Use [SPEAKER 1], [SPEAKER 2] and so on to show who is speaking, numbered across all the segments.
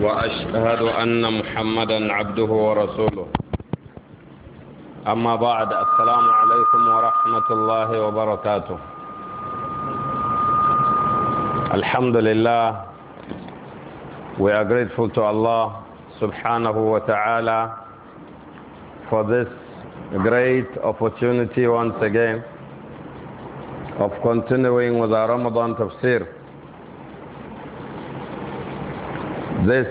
[SPEAKER 1] وأشهد أن محمدا عبده ورسوله أما بعد السلام عليكم ورحمة الله وبركاته الحمد لله We are grateful to Allah subhanahu wa ta'ala for this great opportunity once again of continuing with our Ramadan tafsir. this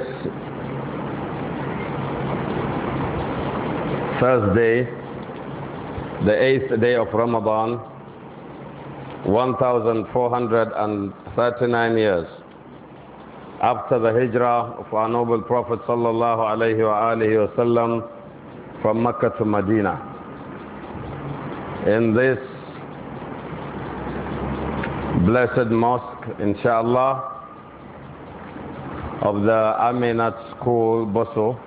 [SPEAKER 1] Thursday, the eighth day of Ramadan, 1439 years after the hijrah of our noble Prophet sallallahu alaihi wasallam from Mecca to Medina. In this blessed mosque, inshallah, of the Aminat School, Boso.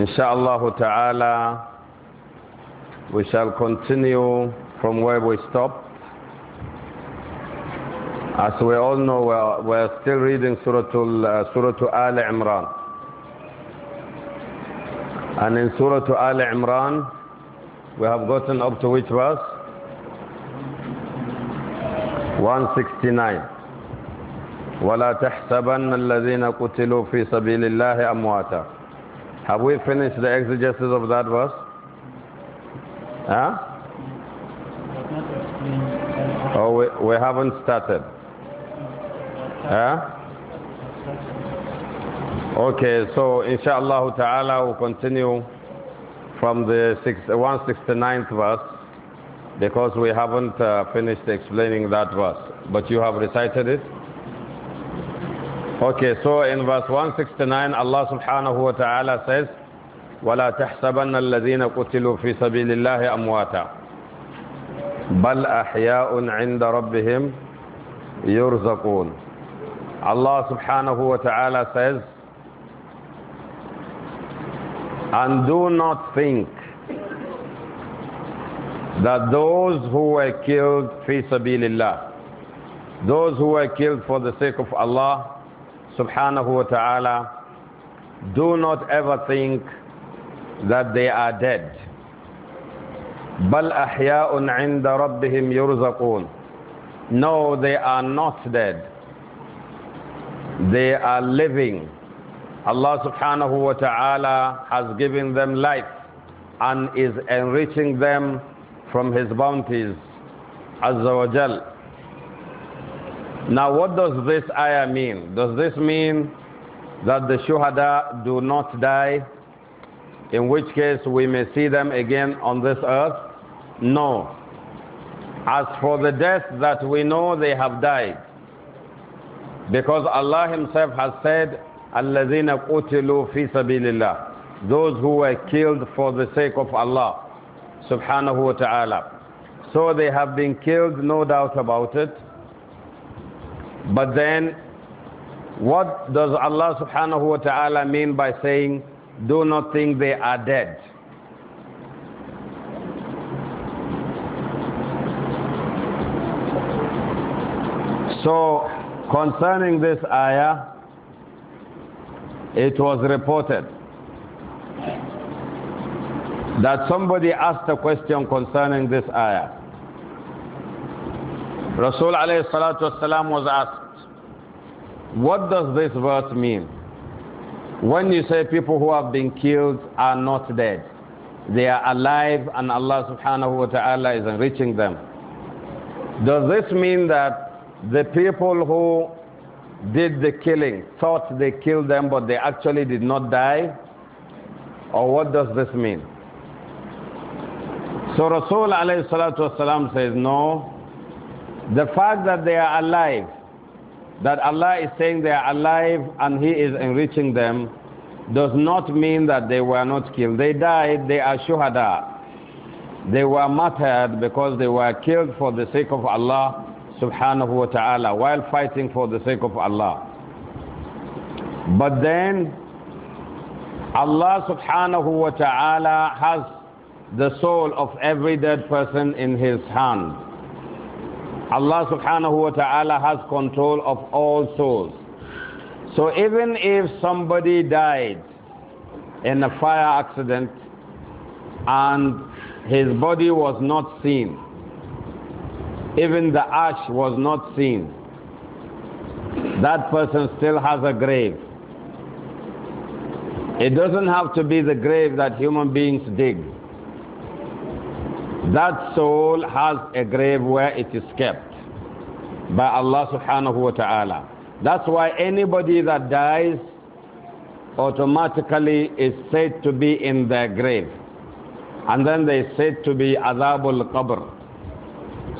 [SPEAKER 1] Insha'Allah ta'ala, we shall continue from where we stopped. As we all know, we're, we're still reading Surah, uh, Surah Al Imran. And in Surah Al Imran, we have gotten up to which verse? 169. ولا تحسبن الذين قتلوا في سبيل الله أمواتا Have we finished the exegesis of that verse? Huh? Oh, we, we haven't started. Huh? Okay, so inshallah ta'ala we'll continue from the 169th verse because we haven't uh, finished explaining that verse. But you have recited it? Okay, so in verse 169, Allah subhanahu wa ta'ala says, وَلَا تَحْسَبَنَّ الَّذِينَ قُتِلُوا فِي سَبِيلِ اللَّهِ أَمْوَاتًا بَلْ أَحْيَاءٌ عِنْدَ رَبِّهِمْ يُرْزَقُونَ Allah subhanahu wa ta'ala says, And do not think that those who were killed سبيل الله, those who were killed for the sake of Allah, subhanahu wa ta'ala, do not ever think that they are dead. بل أحياء عند ربهم يرزقون No, they are not dead. They are living. Allah subhanahu wa ta'ala has given them life and is enriching them from His bounties. Azza wa now, what does this ayah mean? Does this mean that the shuhada do not die? In which case, we may see them again on this earth? No. As for the death that we know, they have died. Because Allah Himself has said, الَّذِينَ قُتِلُوا فِي سَبِيلِ Those who were killed for the sake of Allah, subhanahu wa ta'ala. So they have been killed, no doubt about it but then, what does Allah subhanahu wa ta'ala mean by saying, do not think they are dead? So, concerning this ayah, it was reported that somebody asked a question concerning this ayah. Rasul alayhi salatu wasalam was asked, What does this verse mean? When you say people who have been killed are not dead, they are alive and Allah subhanahu wa ta'ala is enriching them. Does this mean that the people who did the killing thought they killed them but they actually did not die? Or what does this mean? So Rasul alayhi salatu wasalam says, No. The fact that they are alive, that Allah is saying they are alive and He is enriching them, does not mean that they were not killed. They died, they are shuhada. They were martyred because they were killed for the sake of Allah subhanahu wa ta'ala while fighting for the sake of Allah. But then Allah subhanahu wa ta'ala has the soul of every dead person in his hand. Allah subhanahu wa ta'ala has control of all souls. So even if somebody died in a fire accident and his body was not seen, even the ash was not seen, that person still has a grave. It doesn't have to be the grave that human beings dig. That soul has a grave where it is kept by Allah subhanahu wa ta'ala. That's why anybody that dies automatically is said to be in their grave. And then they said to be Azabul Qabr.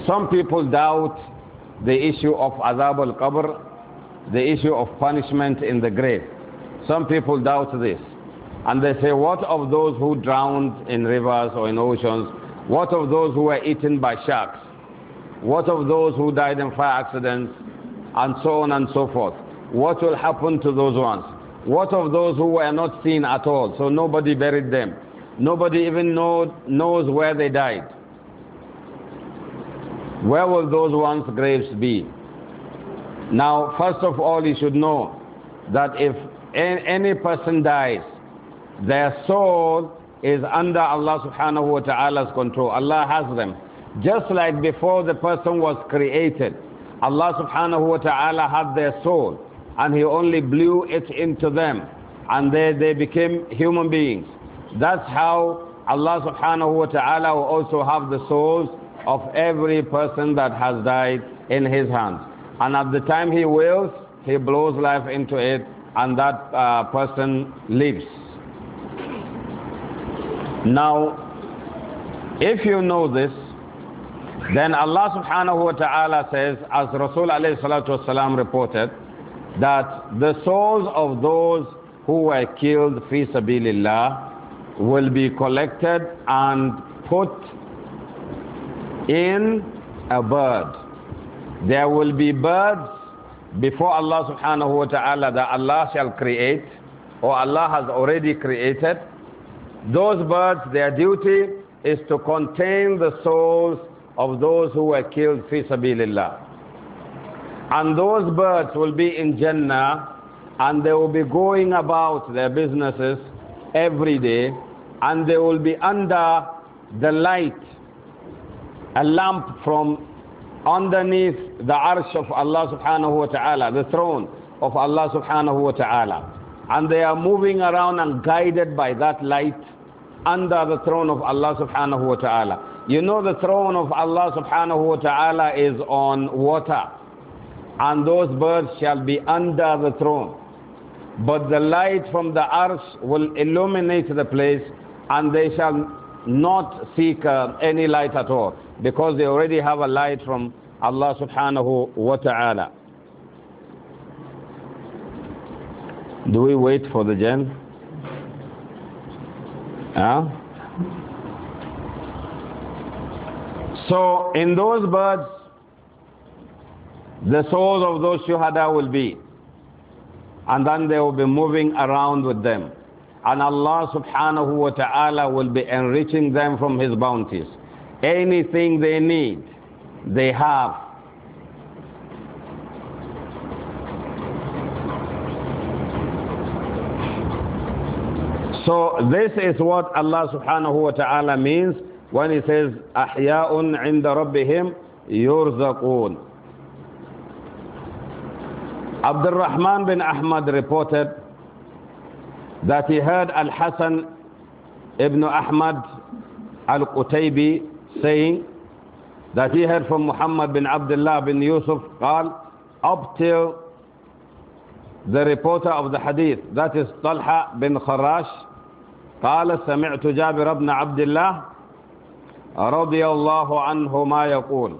[SPEAKER 1] Some people doubt the issue of Azabul Qabr, the issue of punishment in the grave. Some people doubt this. And they say, what of those who drowned in rivers or in oceans what of those who were eaten by sharks? What of those who died in fire accidents? And so on and so forth. What will happen to those ones? What of those who were not seen at all? So nobody buried them. Nobody even know, knows where they died. Where will those ones' graves be? Now, first of all, you should know that if any person dies, their soul is under Allah subhanahu wa ta'ala's control. Allah has them. Just like before the person was created, Allah subhanahu wa ta'ala had their soul and He only blew it into them and they, they became human beings. That's how Allah subhanahu wa ta'ala will also have the souls of every person that has died in His hands. And at the time He wills, He blows life into it and that uh, person lives. Now, if you know this, then Allah subhanahu wa ta'ala says, as Rasul alayhi salatu wasalam reported, that the souls of those who were killed fi sabilillah will be collected and put in a bird. There will be birds before Allah subhanahu wa ta'ala that Allah shall create or Allah has already created those birds, their duty is to contain the souls of those who were killed fi sabilillah. And those birds will be in Jannah and they will be going about their businesses every day and they will be under the light, a lamp from underneath the arsh of Allah subhanahu wa ta'ala, the throne of Allah subhanahu wa ta'ala. And they are moving around and guided by that light under the throne of Allah subhanahu wa ta'ala. You know the throne of Allah subhanahu wa ta'ala is on water and those birds shall be under the throne. But the light from the earth will illuminate the place and they shall not seek uh, any light at all because they already have a light from Allah subhanahu wa ta'ala. Do we wait for the jinn? Yeah. So in those birds, the souls of those shuhada will be. And then they will be moving around with them. And Allah subhanahu wa ta'ala will be enriching them from His bounties. Anything they need, they have So this is what Allah subhanahu wa ta'ala means when he says, أَحْيَاءٌ عِنْدَ رَبِّهِمْ يُرْزَقُونَ Abdul Rahman bin Ahmad reported that he heard Al-Hasan ibn Ahmad al-Qutaybi saying that he heard from Muhammad bin Abdullah bin Yusuf قال up till the reporter of the hadith that is Talha bin Kharash قال سمعت جابر بن عبد الله رضي الله عنهما يقول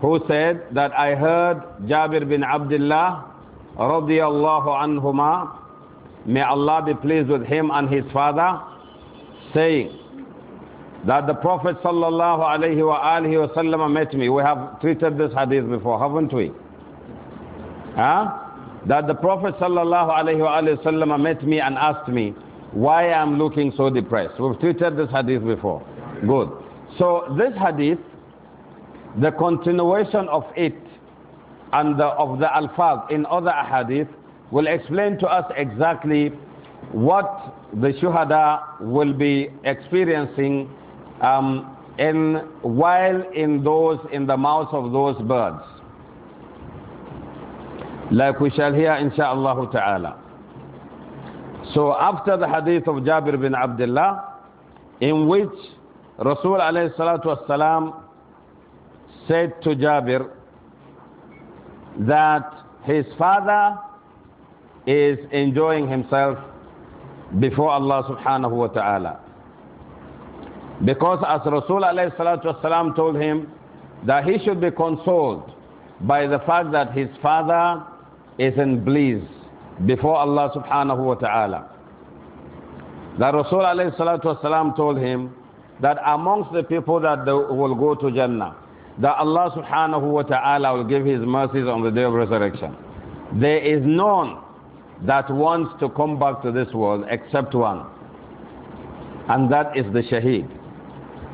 [SPEAKER 1] who said that I heard Jabir bin Abdullah رضي الله عنهما may Allah be pleased with him and his father saying that the Prophet sallallahu الله wa alihi wasallam met me. We have treated this hadith before, haven't we? Huh? That the Prophet sallallahu الله wa alihi wasallam met me and asked me, why I'm looking so depressed. We've treated this hadith before. Good. So this hadith, the continuation of it and the, of the alfaz in other hadith will explain to us exactly what the shuhada will be experiencing um, in, while in those in the mouths of those birds. Like we shall hear inshaAllah ta'ala. So after the hadith of Jabir bin Abdullah, in which Rasul alayhi salatu wasalam said to Jabir that his father is enjoying himself before Allah subhanahu wa ta'ala. Because as Rasul alayhi salatu wasalam told him that he should be consoled by the fact that his father is in bliss before Allah subhanahu wa ta'ala. That Rasul alayhi salatu wasalam told him that amongst the people that will go to Jannah, that Allah subhanahu wa ta'ala will give his mercies on the day of resurrection. There is none that wants to come back to this world except one, and that is the shaheed.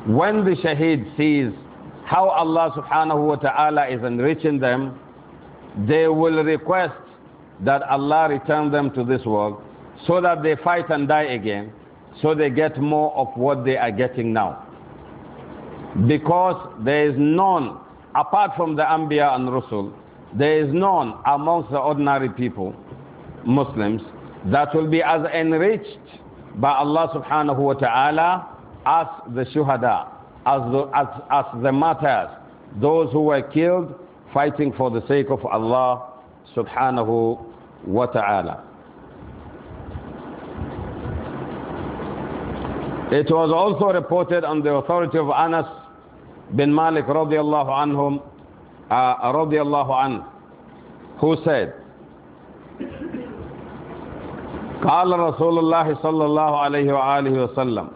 [SPEAKER 1] When the shaheed sees how Allah subhanahu wa ta'ala is enriching them, they will request that Allah return them to this world so that they fight and die again, so they get more of what they are getting now. Because there is none, apart from the Ambiya and Rasul, there is none amongst the ordinary people, Muslims, that will be as enriched by Allah subhanahu wa ta'ala as the shuhada, as the, as, as the martyrs, those who were killed fighting for the sake of Allah subhanahu وتعالى. It was also reported on the authority of Anas bin Malik رضي الله anhum, uh, الله عنه who said, قال رسول الله صلى الله عليه وآله وسلم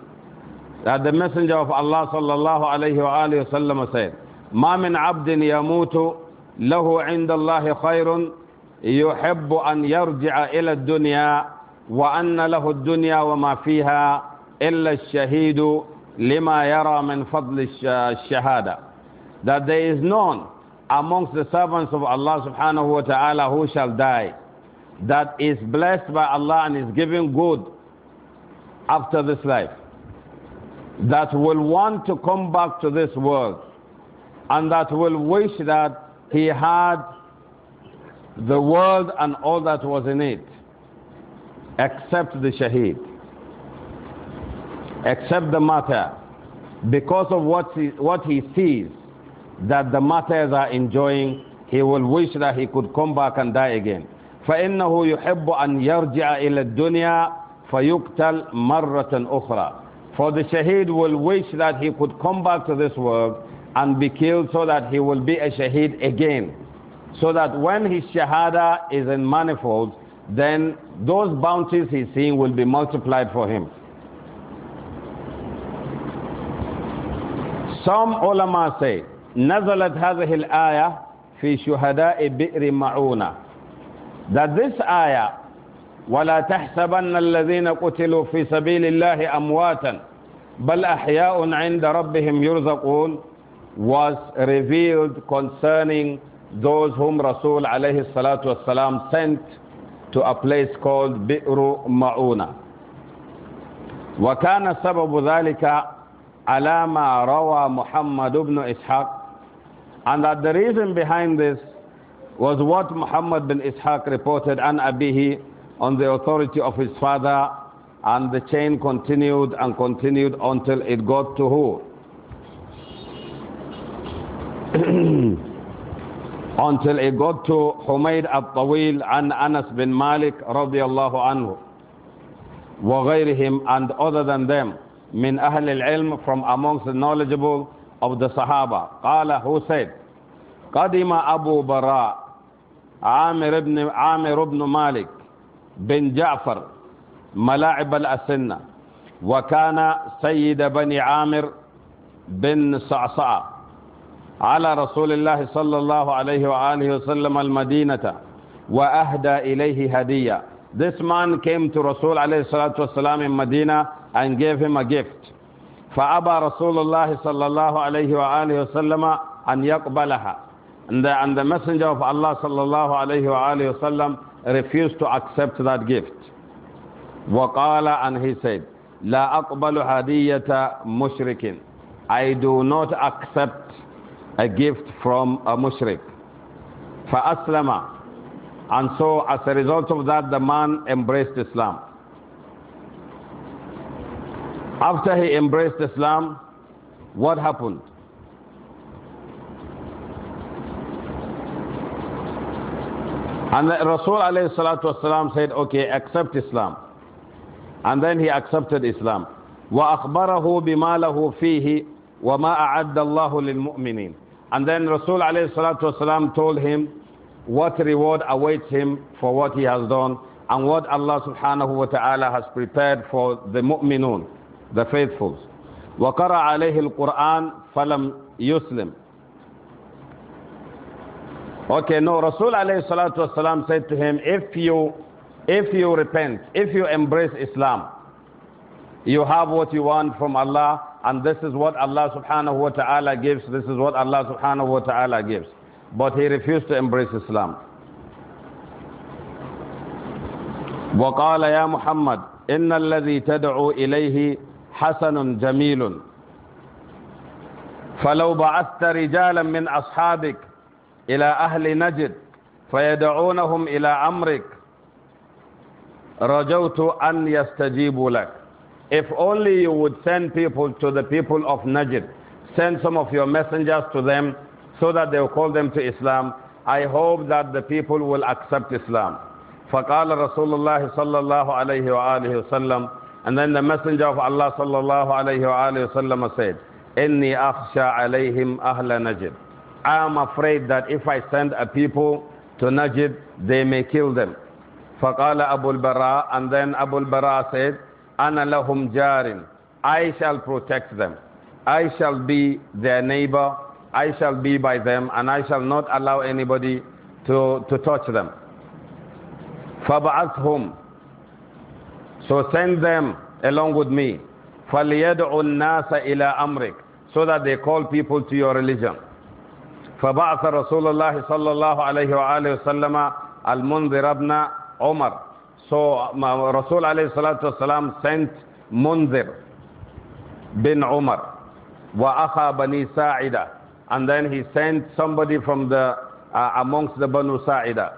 [SPEAKER 1] that the messenger of Allah صلى الله عليه وآله وسلم said ما من عبد يموت له عند الله خير يحب أن يرجع إلى الدنيا وأن له الدنيا وما فيها إلا الشهيد لما يرى من فضل الشهادة that there is none amongst the servants of Allah subhanahu wa ta'ala who shall die that is blessed by Allah and is given good after this life that will want to come back to this world and that will wish that he had the world and all that was in it, except the shaheed, except the matter, because of what he, what he sees that the matters are enjoying, he will wish that he could come back and die again. فإنه يحب أن يرجع إلى الدنيا فيقتل مرة أخرى. For the shaheed will wish that he could come back to this world and be killed so that he will be a shaheed again. So that when his shahada is in manifold, then those bounties he's seeing will be multiplied for him. Some ulama say, نزلت هذه الآية في شهداء بئر معونة that this ayah ولا تحسبن الذين قتلوا في سبيل الله أمواتا بل أحياء عند ربهم يرزقون was revealed concerning those whom Rasul alayhi salatu wasalam sent to a place called Bi'ru Ma'una. وكان سبب ذلك على ما روى محمد بن إسحاق and that the reason behind this was what Muhammad bin Ishaq reported an Abihi on the authority of his father and the chain continued and continued until it got to who? until he got to Humayr al-Tawil and Anas bin Malik radiallahu anhu وغيرهم and other than them من أهل العلم from amongst the knowledgeable of the Sahaba قال who said قدم أبو براء عامر بن عامر بن مالك بن جعفر ملاعب الأسنة وكان سيد بني عامر بن صعصعة على رسول الله صلى الله عليه وآله وسلم المدينة وأهدى إليه هدية This man came to Rasul عليه الصلاة والسلام in Medina and gave him a gift. فأبى رسول الله صلى الله عليه وآله وسلم أن يقبلها. And the, and the messenger of Allah صلى الله عليه وآله وسلم refused to accept that gift. وقال and he said, لا أقبل هدية مشرك. I do not accept a gift from a mushrik. فَأَسْلَمَ And so as a result of that, the man embraced Islam. After he embraced Islam, what happened? And Rasul alayhi said, okay, accept Islam. And then he accepted Islam. وَأَخْبَرَهُ بِمَا لَهُ فِيهِ وَمَا أَعَدَّ اللَّهُ لِلْمُؤْمِنِينَ and then Rasul والسلام, told him what reward awaits him for what he has done and what Allah subhanahu wa ta'ala has prepared for the mu'minun, the faithfuls. وَقَرَأَ عَلَيْهِ الْقُرْآنِ فَلَمْ يُسْلِمْ Okay, no, Rasul alayhi salatu wasalam said to him, if you, if you repent, if you embrace Islam, you have what you want from Allah and this is what Allah subhanahu wa ta'ala gives, this is what Allah subhanahu wa ta'ala gives. But he refused to embrace Islam. وقال يا محمد إن الذي تدعو إليه حسن جميل فلو بعثت رجالا من أصحابك إلى أهل نجد فيدعونهم إلى أمرك رجوت أن يستجيبوا لك If only you would send people to the people of Najd, send some of your messengers to them so that they will call them to Islam. I hope that the people will accept Islam. فقال رسول الله صلى الله عليه وآله وسلم And then the messenger of Allah صلى الله عليه وآله وسلم said, إني أخشى عليهم أهل نجد. I am afraid that if I send a people to Najd, they may kill them. فقال أبو البراء And then Abu bara said, Ana lahum jarin. I shall protect them. I shall be their neighbor. I shall be by them, and I shall not allow anybody to, to touch them. فَبَعَثْهُمْ So send them along with me. فَلْيَدْعُ النَّاسَ إِلَىٰ أَمْرِكَ So that they call people to your religion. فبعث رسول الله صلى الله عليه وآله وسلم المنذر ابن عمر So Rasul alayhi salatu wasalam sent Munzir bin Umar wa akha bani Sa'ida and then he sent somebody from the uh, amongst the Banu Sa'ida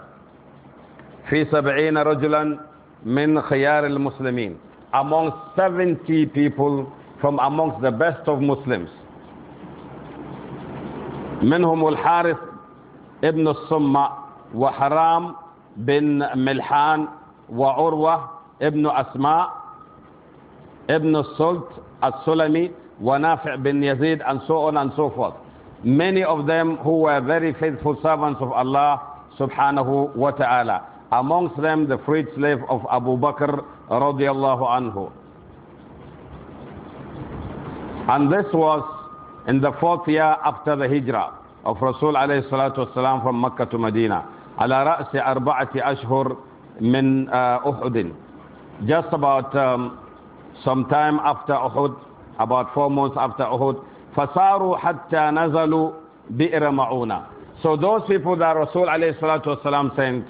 [SPEAKER 1] fi sab'ina rajulan min khiyar al-muslimin amongst 70 people from amongst the best of Muslims منهم الحارث ابن الصمة وحرام بن ملحان وعروة ابن أسماء ابن السلط السلمي ونافع bin Yazid and so on and so forth. Many of them who were very faithful servants of Allah subhanahu wa ta'ala. Amongst them the freed slave of Abu Bakr radiallahu anhu. And this was in the fourth year after the hijrah of Rasul alayhi salatu wasalam from Mecca to Medina. على رأس أربعة أشهر min Uhud. Just about um, some time after Uhud, about four months after Uhud, فَصَارُوا حَتَّى نَزَلُوا بِئْرَ مَعُونَ So those people that Rasul والسلام, sent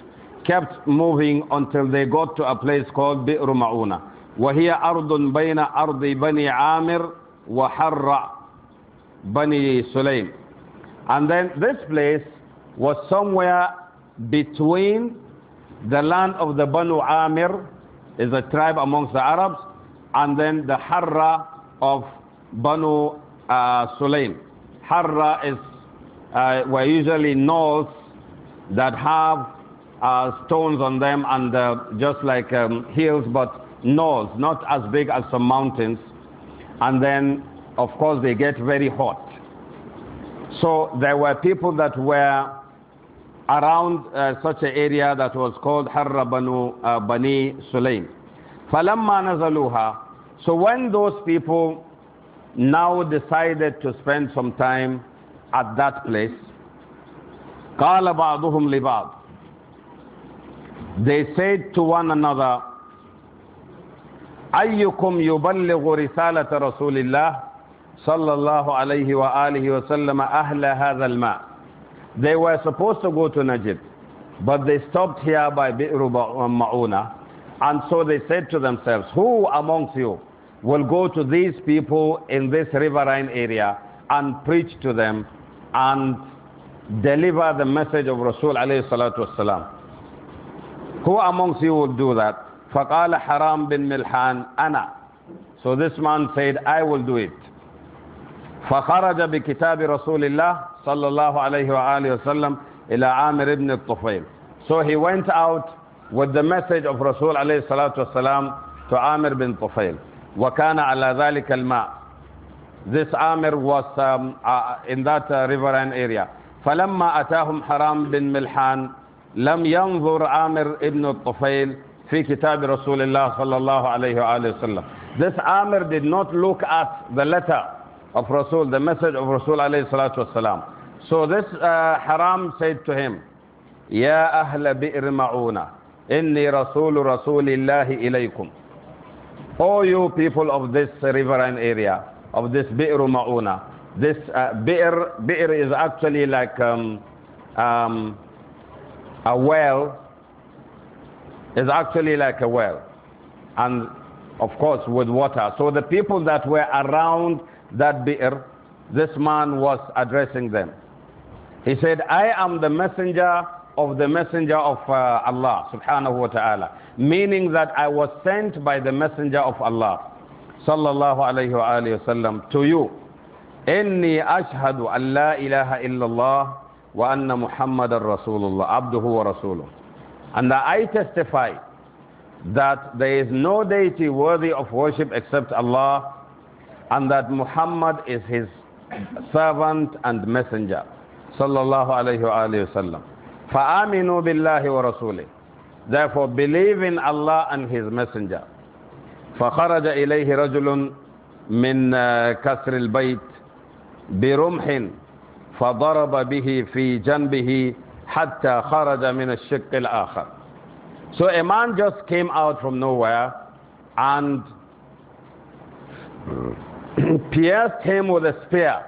[SPEAKER 1] kept moving until they got to a place called بئر مَعُونَ وَهِيَ أَرْضٌ بَيْنَ أَرْضِ بَنِي عَامِرٍ وَحَرَّ بَنِي سُلَيْمٍ And then this place was somewhere between the land of the Banu Amir is a tribe amongst the Arabs, and then the Harra of Banu uh, Sulaim. Harra is uh, were usually knolls that have uh, stones on them and uh, just like um, hills, but knolls, not as big as some mountains. And then, of course, they get very hot. So there were people that were around uh, such an area that was called Harra Banu, uh, Bani Sulaim. فَلَمَّا نَزَلُوهَا So when those people now decided to spend some time at that place, قَالَ بَعْضُهُمْ لِبَعْضٍ They said to one another, أَيُّكُمْ يُبَلِّغُ رِسَالَةَ رَسُولِ اللَّهِ صلى الله عليه وآله وسلم أهل هذا الماء they were supposed to go to Najd, but they stopped here by Bi'ru uh, Ma'una. And so they said to themselves, Who amongst you will go to these people in this riverine area and preach to them and deliver the message of Rasul alayhi salatu wasalam? Who amongst you will do that? فقال حرام bin Milhan أنا So this man said, I will do it. فخرج بكتاب رسول الله صلى الله عليه وآله وسلم إلى Amir ibn الطفيل So he went out with the message of Rasul alayhi الصلاة والسلام to Amir بن طفيل وَكَانَ عَلَى ذَلِكَ الْمَاءِ This Amir was um, uh, in that uh, and area. فَلَمَّا أَتَاهُمْ حَرَامْ بِن مِلْحَانِ لَمْ يَنْظُرْ عَامِرْ بن الطُفَيْلِ فِي كِتَابِ رَسُولِ اللَّهِ صَلَّى اللَّهُ عَلَيْهِ وَآلِهِ وسلم. This Amir did not look at the letter of Rasul, the message of Rasul alayhi الصلاة والسلام So this uh, Haram said to him, Ya ahla bi'r ma'una, inni rasulu rasulillahi ilaykum. O you people of this riverine area, of this bi'r ma'una. This uh, bi'r, bi'r is actually like um, um, a well, is actually like a well. And of course with water. So the people that were around that bi'r, this man was addressing them. He said, I am the messenger of the messenger of uh, Allah subhanahu wa ta'ala. Meaning that I was sent by the messenger of Allah sallallahu alayhi wa alayhi wasallam to you. إني أشهد أن لا إله إلا الله وأن محمد رسول الله عبده And I testify that there is no deity worthy of worship except Allah and that Muhammad is his servant and messenger. صلى الله عليه وآله وسلم فآمنوا بالله ورسوله therefore believe in Allah and his messenger فخرج إليه رجل من كسر البيت برمح فضرب به في جنبه حتى خرج من الشق الآخر So a man just came out from nowhere and pierced him with a spear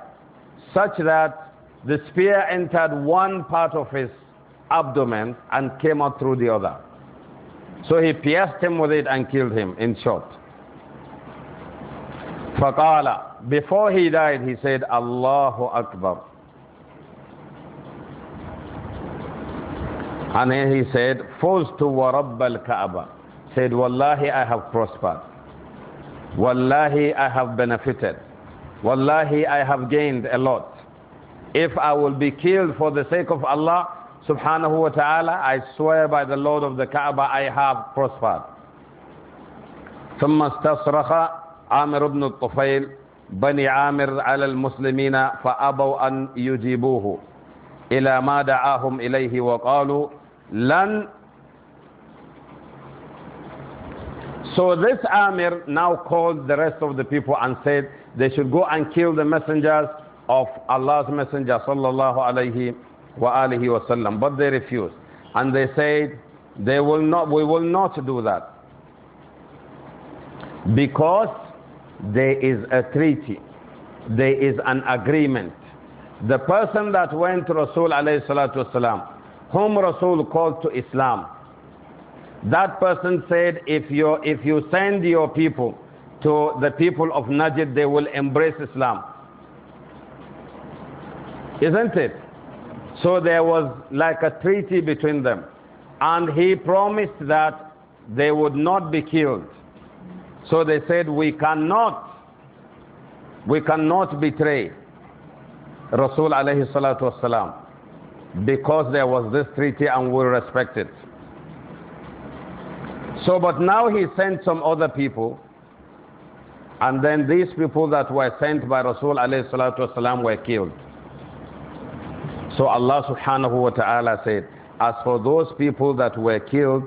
[SPEAKER 1] such that the spear entered one part of his abdomen and came out through the other. So he pierced him with it and killed him, in short. فَقَالَ Before he died, he said, Allahu Akbar. And then he said, فُزْتُ وَرَبَّ الْكَعْبَ Said, Wallahi, I have prospered. Wallahi, I have benefited. Wallahi, I have gained a lot. If I will be killed for the sake of Allah subhanahu wa ta'ala, I swear by the Lord of the Kaaba, I have prospered. ثم استصرخ عامر بن الطفيل بني عامر على المسلمين فأبوا أن يجيبوه إلى ما دعاهم إليه وقالوا لن So this Amir now called the rest of the people and said they should go and kill the messengers of Allah's Messenger sallallahu alayhi wa alihi wasallam, but they refused. And they said, they will not, we will not do that. Because there is a treaty, there is an agreement. The person that went to Rasul alayhi salatu wasalam, whom Rasul called to Islam, that person said, if you, if you send your people to the people of Najd, they will embrace Islam. Isn't it? So there was like a treaty between them. And he promised that they would not be killed. So they said, We cannot, we cannot betray Rasul alayhi salatu wasalam because there was this treaty and we respect it. So, but now he sent some other people, and then these people that were sent by Rasul alayhi salatu wasalam were killed. So Allah subhanahu wa ta'ala said, As for those people that were killed,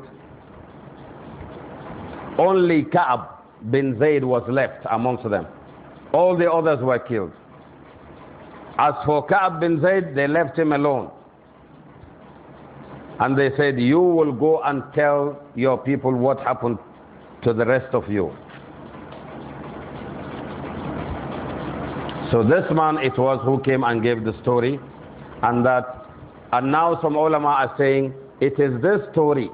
[SPEAKER 1] only Ka'ab bin Zaid was left amongst them. All the others were killed. As for Ka'ab bin Zaid, they left him alone. And they said, You will go and tell your people what happened to the rest of you. So this man it was who came and gave the story and that and now some ulama are saying it is this story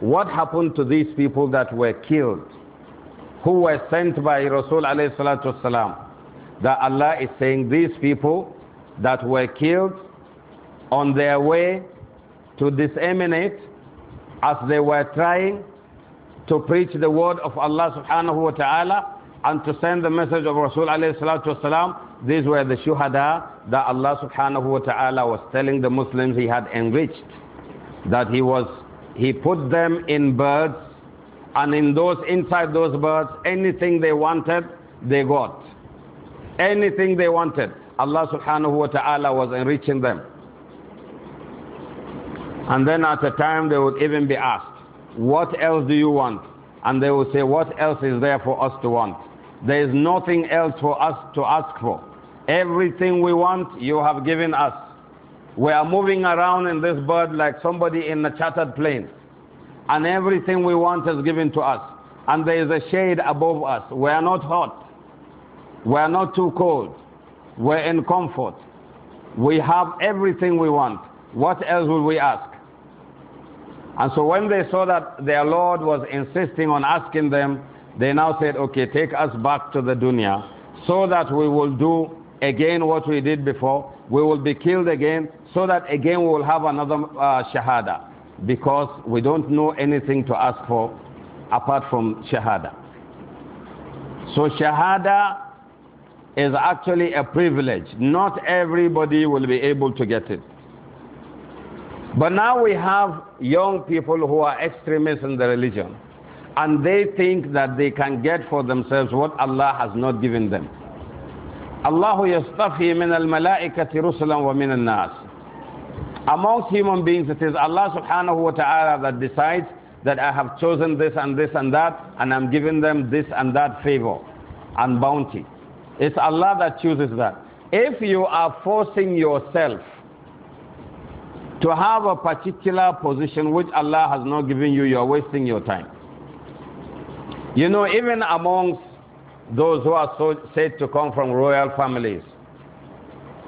[SPEAKER 1] what happened to these people that were killed who were sent by Rasul alayhi salatu that Allah is saying these people that were killed on their way to disseminate as they were trying to preach the word of Allah subhanahu wa ta'ala and to send the message of Rasul alayhi salatu These were the shuhada that Allah subhanahu wa ta'ala was telling the Muslims he had enriched, that he was he put them in birds and in those inside those birds anything they wanted they got anything they wanted allah subhanahu wa ta'ala was enriching them and then at a time they would even be asked what else do you want and they would say what else is there for us to want there is nothing else for us to ask for Everything we want, you have given us. We are moving around in this bird like somebody in a chartered plane. And everything we want is given to us. And there is a shade above us. We are not hot. We are not too cold. We're in comfort. We have everything we want. What else would we ask? And so when they saw that their Lord was insisting on asking them, they now said, Okay, take us back to the dunya so that we will do again what we did before. We will be killed again so that again we will have another uh, shahada because we don't know anything to ask for apart from shahada. So shahada is actually a privilege. Not everybody will be able to get it. But now we have young people who are extremists in the religion and they think that they can get for themselves what Allah has not given them. Allah yastafi min al-malaikati rusulan wa min al-nas. Amongst human beings, it is Allah subhanahu wa ta'ala that decides that I have chosen this and this and that, and I'm giving them this and that favor and bounty. It's Allah that chooses that. If you are forcing yourself to have a particular position which Allah has not given you, you are wasting your time. You know, even amongst those who are so said to come from royal families,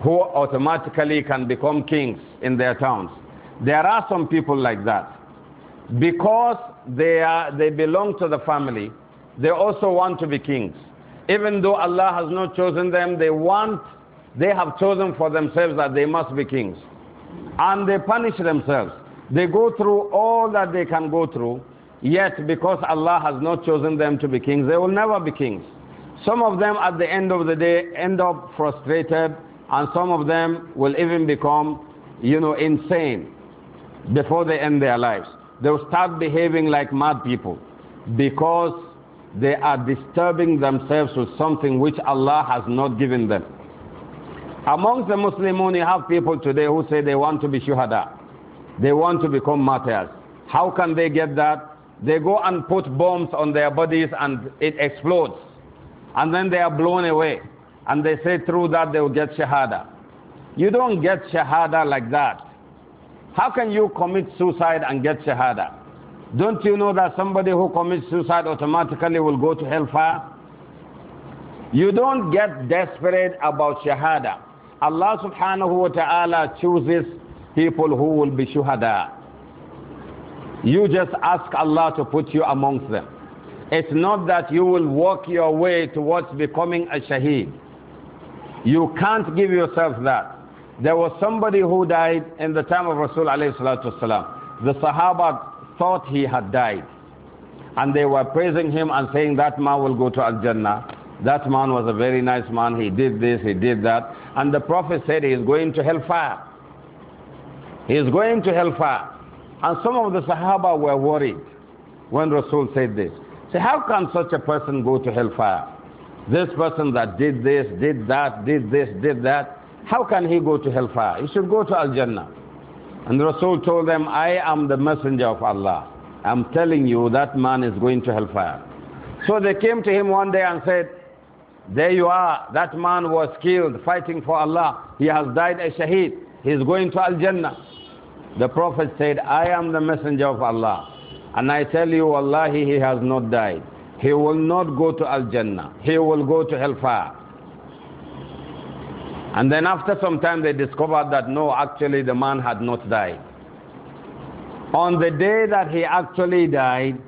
[SPEAKER 1] who automatically can become kings in their towns. There are some people like that. Because they, are, they belong to the family, they also want to be kings. Even though Allah has not chosen them, they want, they have chosen for themselves that they must be kings. And they punish themselves. They go through all that they can go through, yet because Allah has not chosen them to be kings, they will never be kings. Some of them at the end of the day end up frustrated and some of them will even become, you know, insane before they end their lives. They'll start behaving like mad people because they are disturbing themselves with something which Allah has not given them. Amongst the Muslimun, you have people today who say they want to be shuhada. They want to become martyrs. How can they get that? They go and put bombs on their bodies and it explodes and then they are blown away. And they say through that they will get Shahada. You don't get Shahada like that. How can you commit suicide and get Shahada? Don't you know that somebody who commits suicide automatically will go to hellfire? You don't get desperate about Shahada. Allah subhanahu wa ta'ala chooses people who will be Shuhada. You just ask Allah to put you amongst them. It's not that you will walk your way towards becoming a shaheed. You can't give yourself that. There was somebody who died in the time of Rasul The Sahaba thought he had died. And they were praising him and saying that man will go to Al-Jannah. That man was a very nice man. He did this, he did that. And the Prophet said he is going to hellfire. He is going to hellfire. And some of the Sahaba were worried when Rasul said this. So how can such a person go to hellfire? This person that did this, did that, did this, did that, how can he go to hellfire? He should go to Al Jannah. And Rasul told them, I am the messenger of Allah. I'm telling you that man is going to hellfire. So they came to him one day and said, There you are. That man was killed fighting for Allah. He has died a shaheed. He is going to Al Jannah. The Prophet said, I am the messenger of Allah. And I tell you, Wallahi, he has not died. He will not go to Al Jannah. He will go to Hellfire. And then after some time, they discovered that no, actually, the man had not died. On the day that he actually died,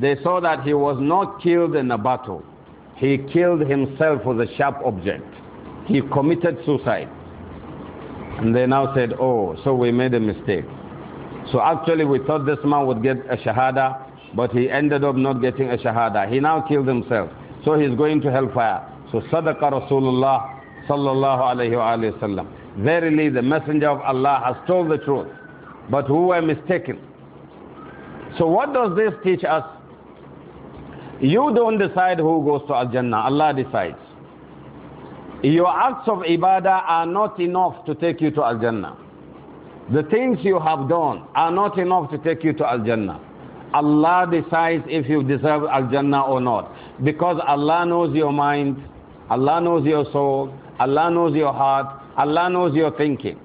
[SPEAKER 1] they saw that he was not killed in a battle. He killed himself with a sharp object. He committed suicide. And they now said, oh, so we made a mistake. So actually we thought this man would get a shahada, but he ended up not getting a shahada. He now killed himself. So he's going to hellfire. So sadaqa Rasulullah sallallahu alayhi wa sallam. Verily the messenger of Allah has told the truth, but who were mistaken. So what does this teach us? You don't decide who goes to Al-Jannah. Allah decides. Your acts of ibadah are not enough to take you to Al-Jannah. The things you have done are not enough to take you to Al Jannah. Allah decides if you deserve Al Jannah or not. Because Allah knows your mind, Allah knows your soul, Allah knows your heart, Allah knows your thinking.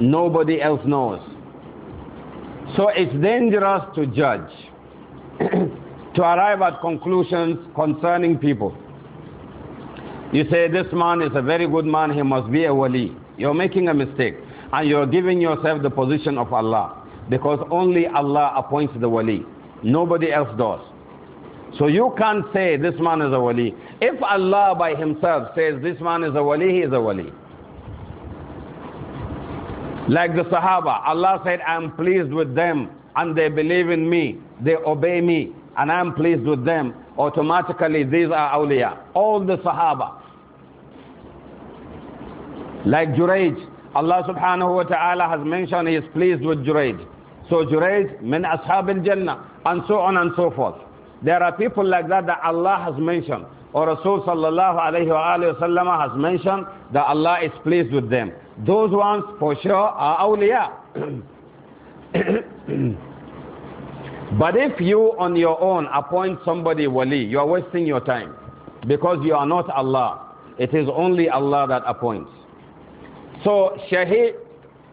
[SPEAKER 1] Nobody else knows. So it's dangerous to judge, to arrive at conclusions concerning people. You say, This man is a very good man, he must be a wali. You're making a mistake and you're giving yourself the position of Allah. Because only Allah appoints the wali. Nobody else does. So you can't say this man is a wali. If Allah by himself says this man is a wali, he is a wali. Like the Sahaba, Allah said, I am pleased with them and they believe in me, they obey me, and I am pleased with them. Automatically, these are awliya. All the Sahaba. Like Juraj, Allah subhanahu wa ta'ala has mentioned he is pleased with Jurayd. So Jurayd, min ashab al-jannah, and so on and so forth. There are people like that that Allah has mentioned, or Rasul sallallahu alayhi wa has mentioned that Allah is pleased with them. Those ones for sure are awliya. but if you on your own appoint somebody wali, you are wasting your time because you are not Allah. It is only Allah that appoints. So, shaheed,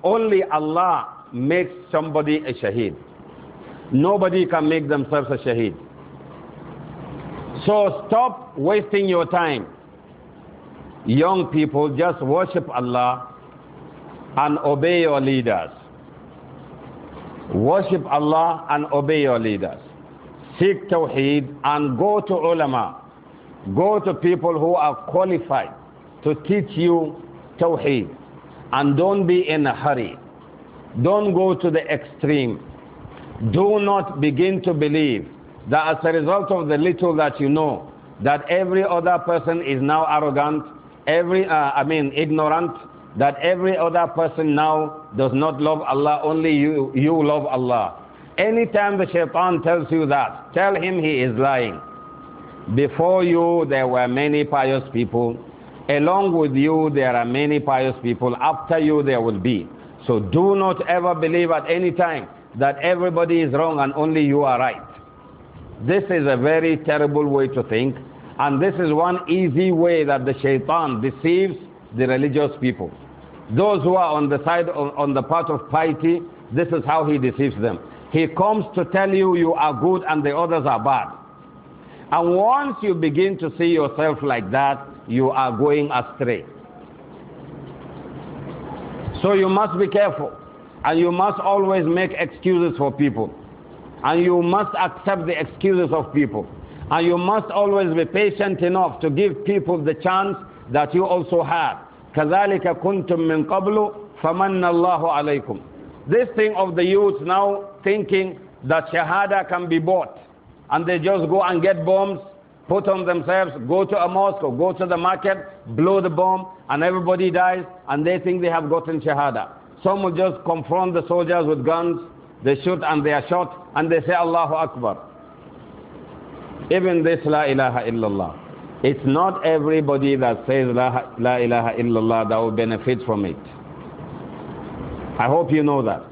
[SPEAKER 1] only Allah makes somebody a shaheed. Nobody can make themselves a shaheed. So, stop wasting your time. Young people, just worship Allah and obey your leaders. Worship Allah and obey your leaders. Seek Tawheed and go to ulama. Go to people who are qualified to teach you Tawheed. And don't be in a hurry. Don't go to the extreme. Do not begin to believe that as a result of the little that you know, that every other person is now arrogant, every, uh, I mean, ignorant, that every other person now does not love Allah, only you, you love Allah. Anytime the shaitan tells you that, tell him he is lying. Before you, there were many pious people Along with you, there are many pious people. After you, there will be. So do not ever believe at any time that everybody is wrong and only you are right. This is a very terrible way to think. And this is one easy way that the shaitan deceives the religious people. Those who are on the side, on the part of piety, this is how he deceives them. He comes to tell you you are good and the others are bad. And once you begin to see yourself like that, you are going astray. So you must be careful and you must always make excuses for people and you must accept the excuses of people and you must always be patient enough to give people the chance that you also have. كَذَلِكَ كُنْتُم مِّن قَبْلُ فَمَنَّ اللَّهُ عَلَيْكُمْ This thing of the youth now thinking that shahada can be bought and they just go and get bombs put on themselves, go to a mosque or go to the market, blow the bomb, and everybody dies, and they think they have gotten Shahada. Some will just confront the soldiers with guns, they shoot and they are shot, and they say, Allahu Akbar. Even this, La ilaha illallah. It's not everybody that says La, la ilaha illallah that will benefit from it. I hope you know that.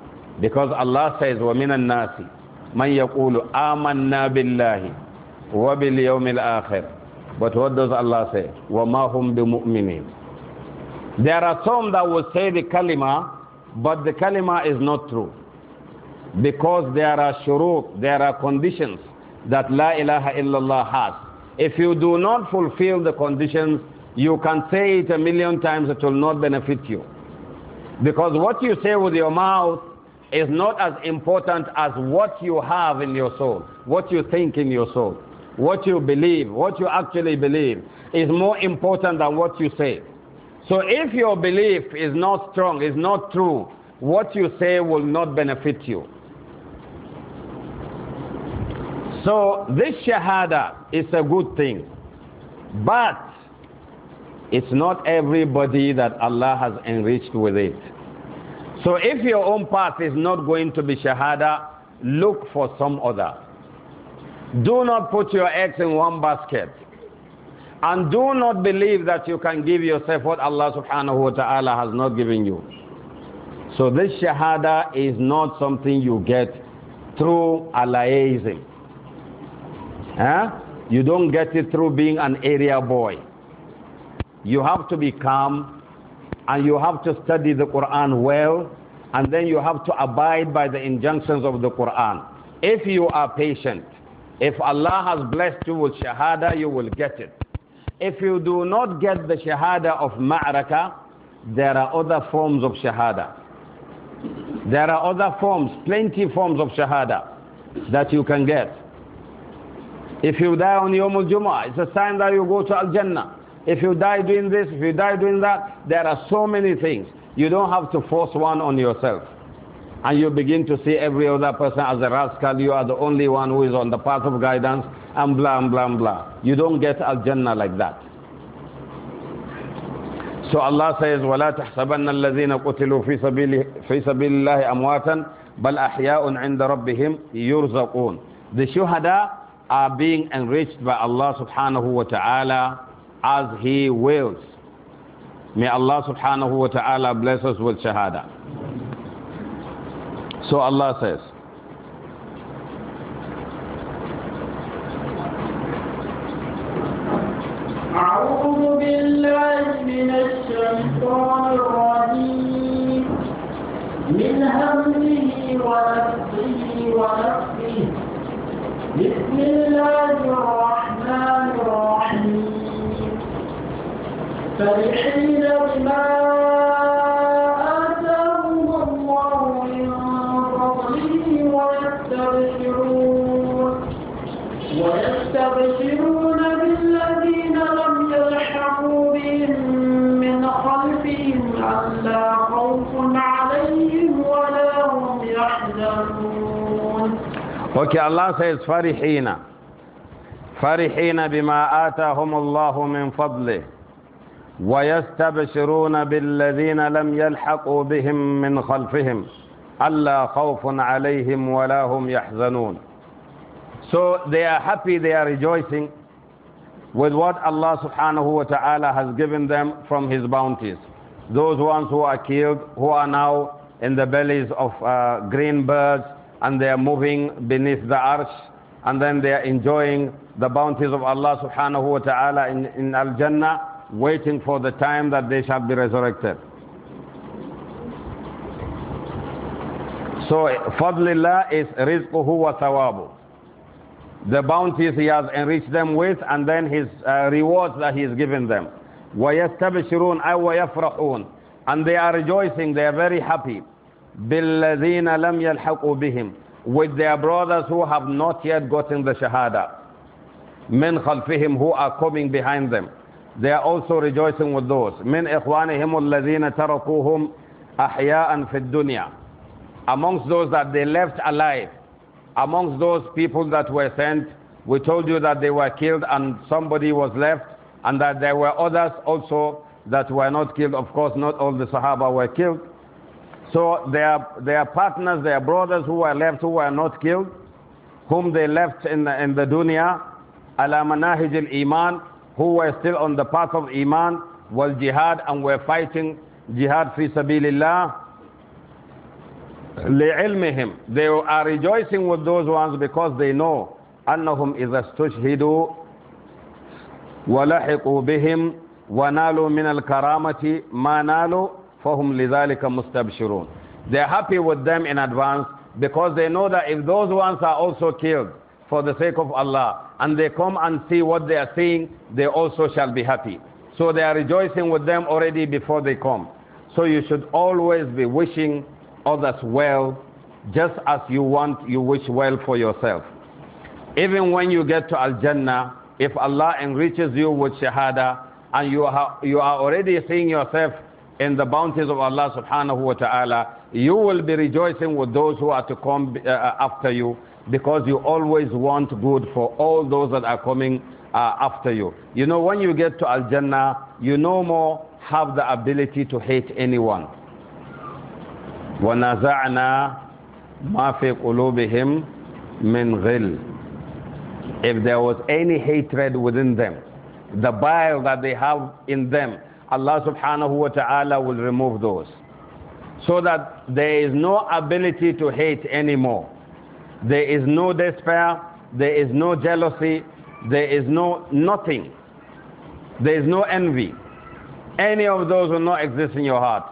[SPEAKER 1] Because Allah says, وَمِنَ النَّاسِ مَنْ يَقُولُ آمَنَّا بِاللَّهِ الْآخِرِ But what does Allah say? وَمَا هُمْ بِمُؤْمِنِينَ There are some that will say the kalima, but the kalima is not true. Because there are shuruq, there are conditions that La ilaha illallah has. If you do not fulfill the conditions, you can say it a million times, it will not benefit you. Because what you say with your mouth is not as important as what you have in your soul, what you think in your soul what you believe, what you actually believe, is more important than what you say. So if your belief is not strong, is not true, what you say will not benefit you. So this shahada is a good thing, but it's not everybody that Allah has enriched with it. So if your own path is not going to be shahada, look for some other. Do not put your eggs in one basket. And do not believe that you can give yourself what Allah subhanahu wa ta'ala has not given you. So this shahada is not something you get through alaism. Huh? You don't get it through being an area boy. You have to be calm and you have to study the Quran well and then you have to abide by the injunctions of the Quran. If you are patient, if Allah has blessed you with Shahada, you will get it. If you do not get the Shahada of Ma'raka, there are other forms of Shahada. There are other forms, plenty forms of Shahada that you can get. If you die on Yom Al-Jumu'ah, it's a sign that you go to Al-Jannah. If you die doing this, if you die doing that, there are so many things. You don't have to force one on yourself and you begin to see every other person as a rascal, you are the only one who is on the path of guidance, and blah, and blah, and blah. You don't get Al Jannah like that. So Allah says, وَلَا تَحْسَبَنَّ الَّذِينَ قُتِلُوا فِي سَبِيلِ, في سبيل أَمْوَاتًا بَلْ أَحْيَاءٌ عِندَ رَبِّهِمْ يُرْزَقُونَ The shuhada are being enriched by Allah subhanahu wa ta'ala as He wills. May Allah subhanahu wa ta'ala bless us with shahada. So Allah says, أعوذ بالله من الشيطان الرجيم من همه ونفسه ونفسه بسم الله الرحمن الرحيم فرحين بما ويستبشرون ويستبشرون بالذين لم يلحقوا بهم من خلفهم ألا خوف عليهم ولا هم يحزنون Okay, الله says, فرحين فرحين بما آتاهم الله من فضله ويستبشرون بالذين لم يلحقوا بهم من خلفهم أَلَّا خَوْفٌ عَلَيْهِمْ وَلَا هُمْ يَحْزَنُونَ So they are happy, they are rejoicing with what Allah subhanahu wa ta'ala has given them from His bounties. Those ones who are killed, who are now in the bellies of uh, green birds, and they are moving beneath the arch, and then they are enjoying the bounties of Allah subhanahu wa ta'ala in, in Al-Jannah, waiting for the time that they shall be resurrected. So fadlillah is rizquhu wa thawabu. The bounties he has enriched them with and then his uh, rewards that he has given them. وَيَسْتَبْشِرُونَ أَوْ وَيَفْرَحُونَ And they are rejoicing, they are very happy. بِالَّذِينَ لَمْ يَلْحَقُوا بِهِمْ With their brothers who have not yet gotten the shahada. مِنْ خَلْفِهِمْ Who are coming behind them. They are also rejoicing with those. مِنْ إِخْوَانِهِمُ الَّذِينَ تَرَكُوهُمْ أَحْيَاءً فِي الدُّنْيَا amongst those that they left alive, amongst those people that were sent, we told you that they were killed and somebody was left, and that there were others also that were not killed. Of course, not all the Sahaba were killed. So their, their partners, their brothers who were left, who were not killed, whom they left in the, in the dunya, ala manahij al-iman, who were still on the path of iman, wal jihad, and were fighting jihad fi sabilillah, لعلمهم they are rejoicing with those ones because they know أنهم إذا استشهدوا ولحقوا بهم ونالوا من الكرامة ما نالوا فهم لذلك مستبشرون they are happy with them in advance because they know that if those ones are also killed for the sake of Allah and they come and see what they are seeing they also shall be happy so they are rejoicing with them already before they come so you should always be wishing others well, just as you want, you wish well for yourself. Even when you get to Al Jannah, if Allah enriches you with Shahada and you are, you are already seeing yourself in the bounties of Allah subhanahu wa ta'ala, you will be rejoicing with those who are to come uh, after you because you always want good for all those that are coming uh, after you. You know, when you get to Al Jannah, you no more have the ability to hate anyone وَنَزَعْنَا مَا فِي قُلُوبِهِمْ مِنْ غِلٍ If there was any hatred within them, the bile that they have in them, Allah subhanahu wa ta'ala will remove those. So that there is no ability to hate anymore. There is no despair, there is no jealousy, there is no nothing. There is no envy. Any of those will not exist in your heart.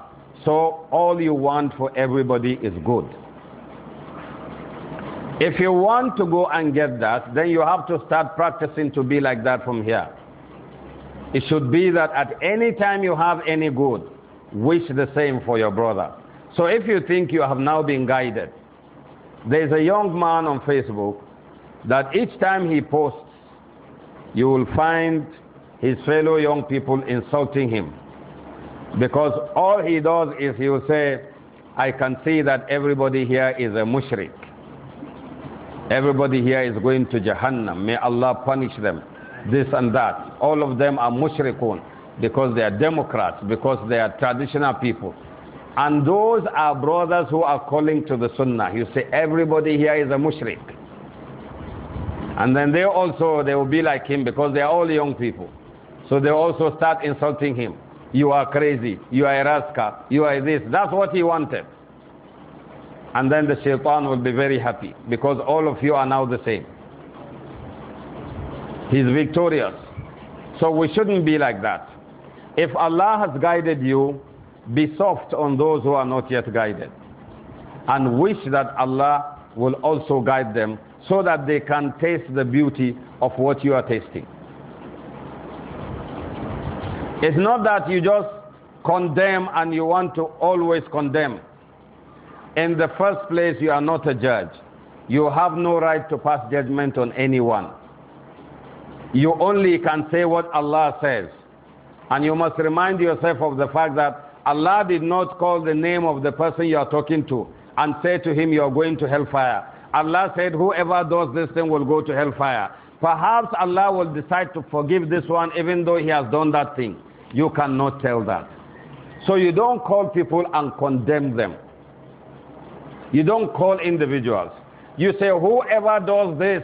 [SPEAKER 1] So all you want for everybody is good. If you want to go and get that, then you have to start practicing to be like that from here. It should be that at any time you have any good, wish the same for your brother. So if you think you have now been guided, there's a young man on Facebook that each time he posts, you will find his fellow young people insulting him. Because all he does is he will say, I can see that everybody here is a mushrik. Everybody here is going to Jahannam. May Allah punish them. This and that. All of them are mushrikun because they are Democrats, because they are traditional people. And those are brothers who are calling to the Sunnah. You say, everybody here is a mushrik. And then they also, they will be like him because they are all young people. So they also start insulting him. You are crazy. You are a rascal. You are this. That's what he wanted. And then the shaitan will be very happy because all of you are now the same. He's victorious. So we shouldn't be like that. If Allah has guided you, be soft on those who are not yet guided and wish that Allah will also guide them so that they can taste the beauty of what you are tasting. It's not that you just condemn and you want to always condemn. In the first place, you are not a judge. You have no right to pass judgment on anyone. You only can say what Allah says. And you must remind yourself of the fact that Allah did not call the name of the person you are talking to and say to him, You are going to hellfire. Allah said, Whoever does this thing will go to hellfire. Perhaps Allah will decide to forgive this one even though he has done that thing. You cannot tell that. So you don't call people and condemn them. You don't call individuals. You say, whoever does this,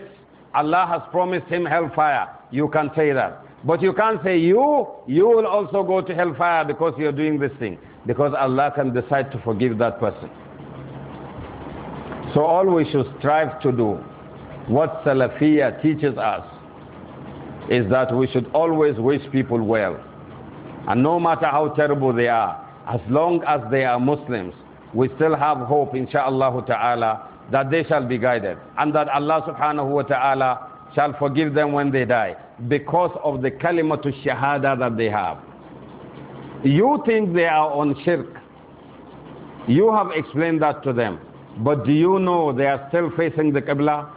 [SPEAKER 1] Allah has promised him hellfire. You can say that. But you can't say, you, you will also go to hellfire because you're doing this thing. Because Allah can decide to forgive that person. So all we should strive to do, what Salafiyah teaches us, is that we should always wish people well. And no matter how terrible they are, as long as they are Muslims, we still have hope, insha'Allah ta'ala, that they shall be guided and that Allah subhanahu wa ta'ala shall forgive them when they die because of the kalimatu shahada that they have. You think they are on shirk. You have explained that to them. But do you know they are still facing the Qibla?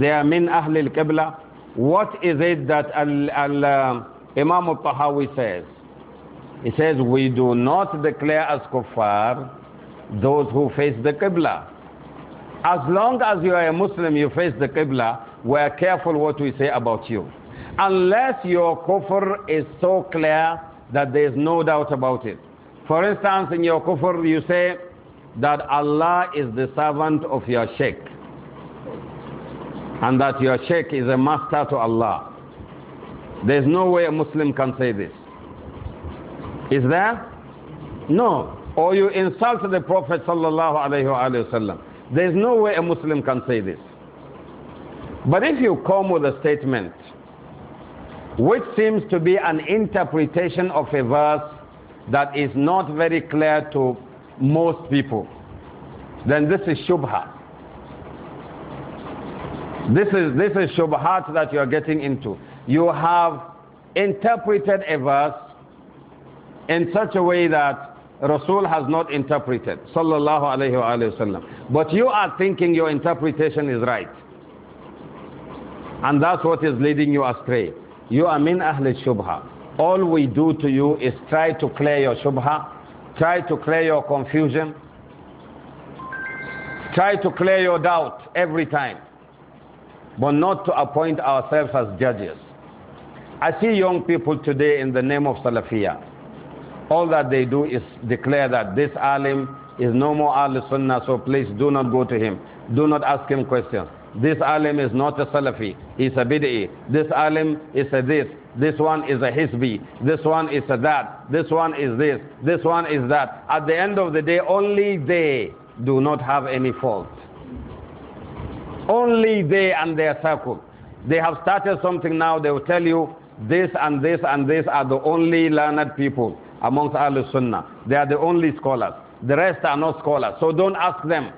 [SPEAKER 1] They are min ahlil Qibla. What is it that al, al, uh, Imam al-Tahawi says? He says, we do not declare as kuffar those who face the Qibla. As long as you are a Muslim, you face the Qibla, we are careful what we say about you. Unless your kufr is so clear that there is no doubt about it. For instance, in your kufr, you say that Allah is the servant of your sheikh. And that your sheikh is a master to Allah. There's no way a Muslim can say this. Is there? No. Or you insult the Prophet sallallahu alaihi wasallam. There is no way a Muslim can say this. But if you come with a statement which seems to be an interpretation of a verse that is not very clear to most people, then this is shubha. This is, this is shubha that you are getting into. You have interpreted a verse in such a way that Rasul has not interpreted. Sallallahu alayhi wa sallam. But you are thinking your interpretation is right. And that's what is leading you astray. You are min ahl shubha. All we do to you is try to clear your shubha, try to clear your confusion, try to clear your doubt every time, but not to appoint ourselves as judges. I see young people today in the name of Salafiyah all that they do is declare that this alim is no more Ahl Sunnah, so please do not go to him. Do not ask him questions. This alim is not a Salafi, he's a Bid'i. This alim is a this, this one is a Hisbi, this one is a that, this one is this, this one is that. At the end of the day, only they do not have any fault. Only they and their circle. They have started something now, they will tell you this and this and this are the only learned people amongst Ahlul Sunnah. They are the only scholars. The rest are not scholars. So don't ask them.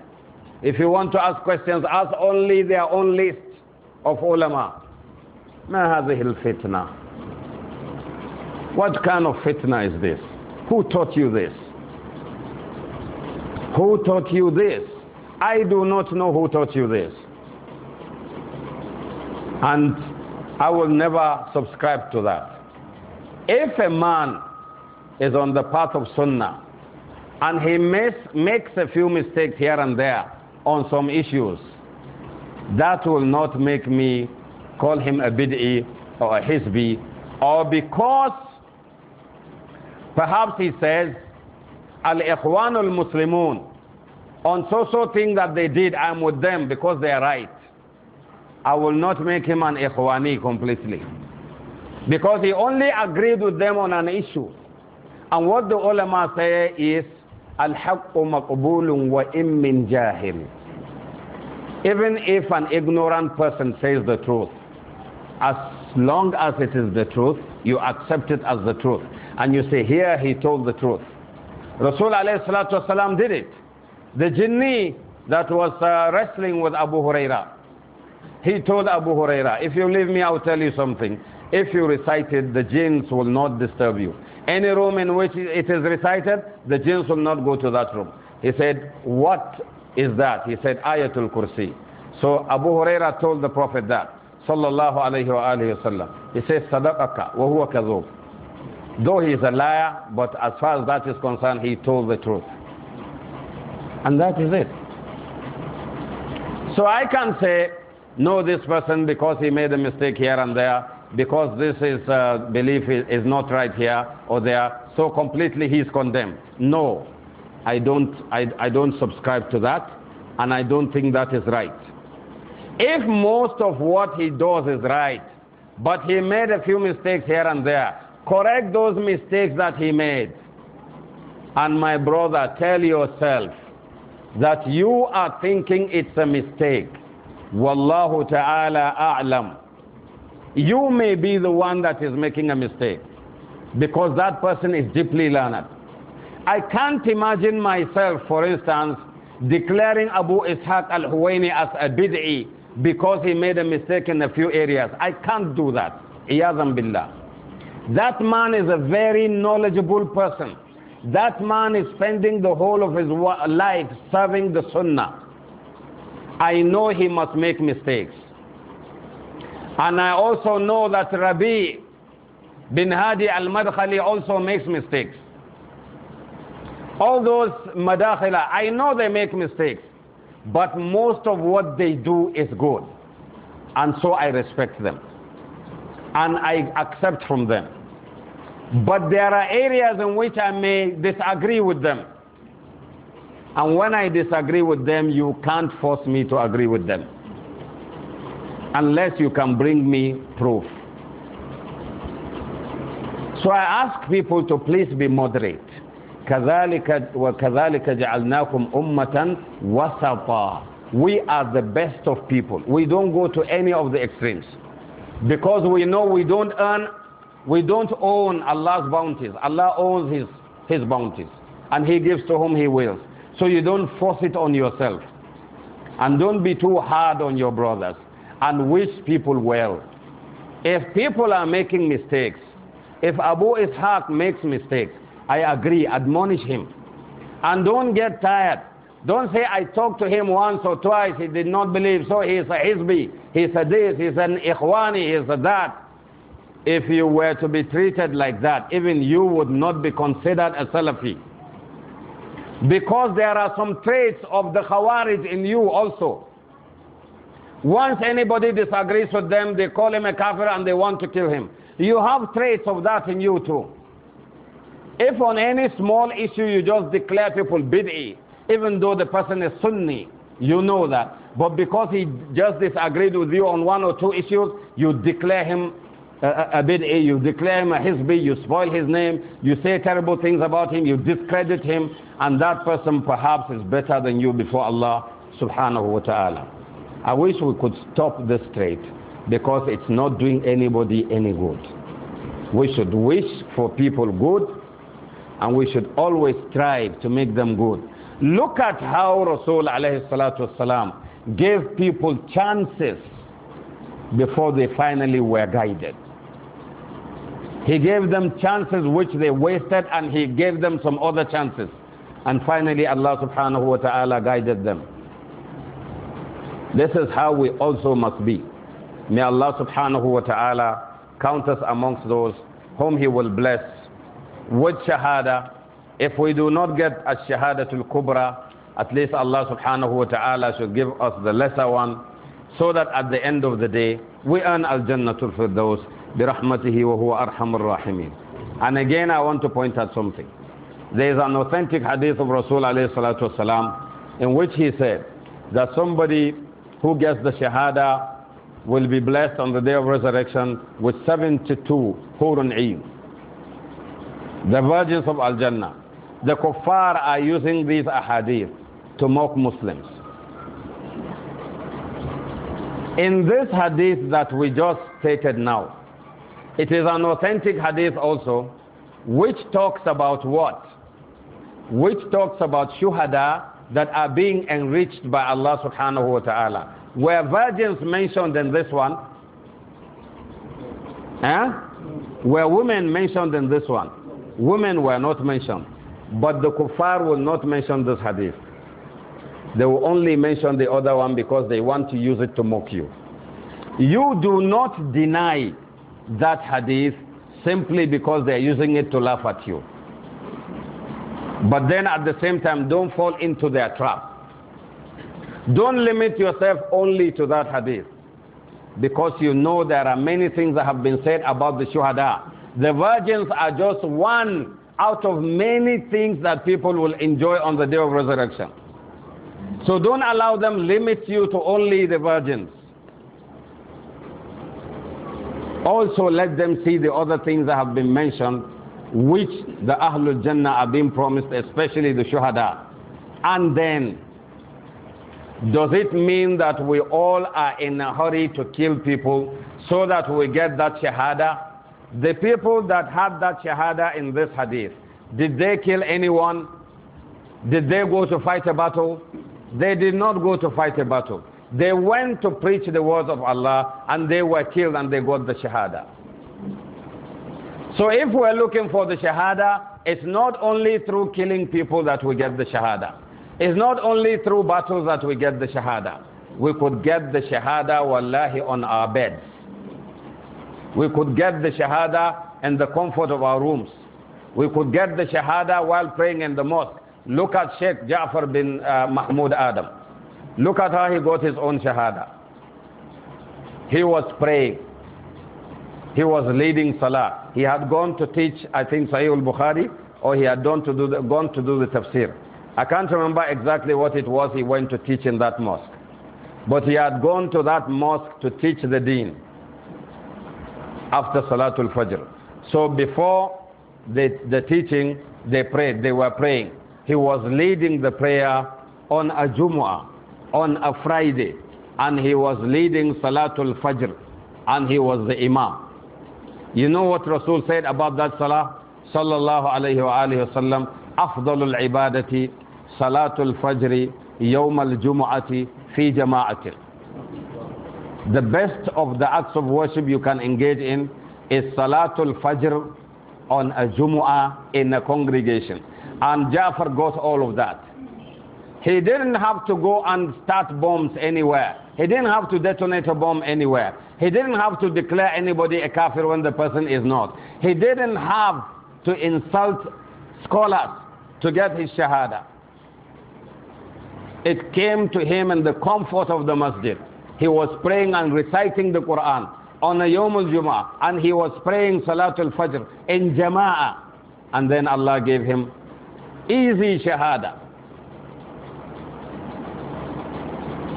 [SPEAKER 1] If you want to ask questions, ask only their own list of ulama. ما هذه fitna? What kind of fitna is this? Who taught you this? Who taught you this? I do not know who taught you this. And I will never subscribe to that. If a man is on the path of Sunnah. And he makes a few mistakes here and there on some issues. That will not make me call him a bid'i or a hizbi, or because perhaps he says, Al Ikhwanul Muslimun, on so so thing that they did, I'm with them because they are right. I will not make him an Ikhwani completely. Because he only agreed with them on an issue. And what the ulama say is, Al-haqqu maqbulun wa immin jahim. Even if an ignorant person says the truth, as long as it is the truth, you accept it as the truth. And you say, here he told the truth. Rasul والسلام, did it. The jinni that was uh, wrestling with Abu Huraira, he told Abu Huraira, if you leave me, I'll tell you something. If you recite it, the jinns will not disturb you. Any room in which it is recited, the jinns will not go to that room. He said, What is that? He said, Ayatul Kursi. So Abu Huraira told the Prophet that. Sallallahu alayhi wa wasallam. He says, Sadaqaka wa huwa kazoob. Though he is a liar, but as far as that is concerned, he told the truth. And that is it. So I can't say, know this person because he made a mistake here and there because this is, uh, belief is, not right here or there, so completely he is condemned. No, I don't, I, I don't subscribe to that, and I don't think that is right. If most of what he does is right, but he made a few mistakes here and there, correct those mistakes that he made. And my brother, tell yourself that you are thinking it's a mistake. Wallahu ta'ala a'lam. You may be the one that is making a mistake because that person is deeply learned. I can't imagine myself, for instance, declaring Abu Ishaq al Huwaini as a bid'i because he made a mistake in a few areas. I can't do that. Iyazam billah. That man is a very knowledgeable person. That man is spending the whole of his life serving the sunnah. I know he must make mistakes. And I also know that Rabi bin Hadi al-Madkhali also makes mistakes. All those madakhila, I know they make mistakes, but most of what they do is good. And so I respect them. And I accept from them. But there are areas in which I may disagree with them. And when I disagree with them, you can't force me to agree with them unless you can bring me proof. So I ask people to please be moderate. كذلك وكذلك جعلناكم أمة وسطا. We are the best of people. We don't go to any of the extremes. Because we know we don't earn, we don't own Allah's bounties. Allah owns His, His bounties. And He gives to whom He wills. So you don't force it on yourself. And don't be too hard on your brothers and wish people well. If people are making mistakes, if Abu Ishaq makes mistakes, I agree, admonish him. And don't get tired. Don't say, I talked to him once or twice, he did not believe, so he's a Hizbi, he's a this, he's an Ikhwani, he's a that. If you were to be treated like that, even you would not be considered a Salafi. Because there are some traits of the Khawarij in you also. Once anybody disagrees with them, they call him a kafir and they want to kill him. You have traits of that in you too. If on any small issue you just declare people bid'i, even though the person is Sunni, you know that. But because he just disagreed with you on one or two issues, you declare him a, a bid'i, you declare him a hizbi, you spoil his name, you say terrible things about him, you discredit him, and that person perhaps is better than you before Allah subhanahu wa ta'ala. I wish we could stop this trade because it's not doing anybody any good. We should wish for people good and we should always strive to make them good. Look at how Rasul والسلام, gave people chances before they finally were guided. He gave them chances which they wasted and he gave them some other chances. And finally Allah subhanahu wa ta'ala guided them. This is how we also must be. May Allah subhanahu wa ta'ala count us amongst those whom He will bless with shahada. If we do not get a shahada shahadatul kubra, at least Allah subhanahu wa ta'ala should give us the lesser one so that at the end of the day we earn al jannatul firdaus bi rahmatihi wa huwa arhamur rahimin. And again I want to point out something. There is an authentic hadith of Rasul alayhi salatu wasalam in which he said that somebody who gets the Shahada will be blessed on the day of resurrection with 72 Hurun Eid. The virgins of Al Jannah. The kuffar are using these ahadith to mock Muslims. In this hadith that we just stated now, it is an authentic hadith also, which talks about what? Which talks about shuhada that are being enriched by Allah subhanahu wa ta'ala. Were virgins mentioned in this one? Eh? Were women mentioned in this one? Women were not mentioned. But the kuffar will not mention this hadith. They will only mention the other one because they want to use it to mock you. You do not deny that hadith simply because they are using it to laugh at you. But then at the same time, don't fall into their trap. Don't limit yourself only to that hadith. Because you know there are many things that have been said about the shuhada. The virgins are just one out of many things that people will enjoy on the day of resurrection. So don't allow them limit you to only the virgins. Also let them see the other things that have been mentioned which the Ahlul Jannah are being promised, especially the Shuhada. And then, does it mean that we all are in a hurry to kill people so that we get that Shahada? The people that had that Shahada in this hadith, did they kill anyone? Did they go to fight a battle? They did not go to fight a battle. They went to preach the words of Allah and they were killed and they got the Shahada. So if we're looking for the Shahada, it's not only through killing people that we get the Shahada. It's not only through battles that we get the Shahada. We could get the Shahada, wallahi, on our beds. We could get the Shahada in the comfort of our rooms. We could get the Shahada while praying in the mosque. Look at Sheikh Ja'far bin uh, Mahmoud Adam. Look at how he got his own Shahada. He was praying. He was leading Salah. He had gone to teach, I think, Sahih al-Bukhari, or he had gone to, do the, gone to do the tafsir. I can't remember exactly what it was he went to teach in that mosque. But he had gone to that mosque to teach the deen after Salatul Fajr. So before the, the teaching, they prayed, they were praying. He was leading the prayer on a Jumu'ah, on a Friday, and he was leading Salatul Fajr, and he was the Imam. You know what Rasul said about that salah? Sallallahu alayhi wa alayhi wa sallam. Afdalul ibadati salatul fajri yawm al fi The best of the acts of worship you can engage in is salatul fajr on a jumu'ah in a congregation. And Jafar got all of that. He didn't have to go and start bombs anywhere. He didn't have to detonate a bomb anywhere. He didn't have to declare anybody a kafir when the person is not. He didn't have to insult scholars to get his shahada. It came to him in the comfort of the masjid. He was praying and reciting the Quran on a Yom al-Jum'ah and he was praying Salatul Fajr in Jama'ah. And then Allah gave him easy shahada.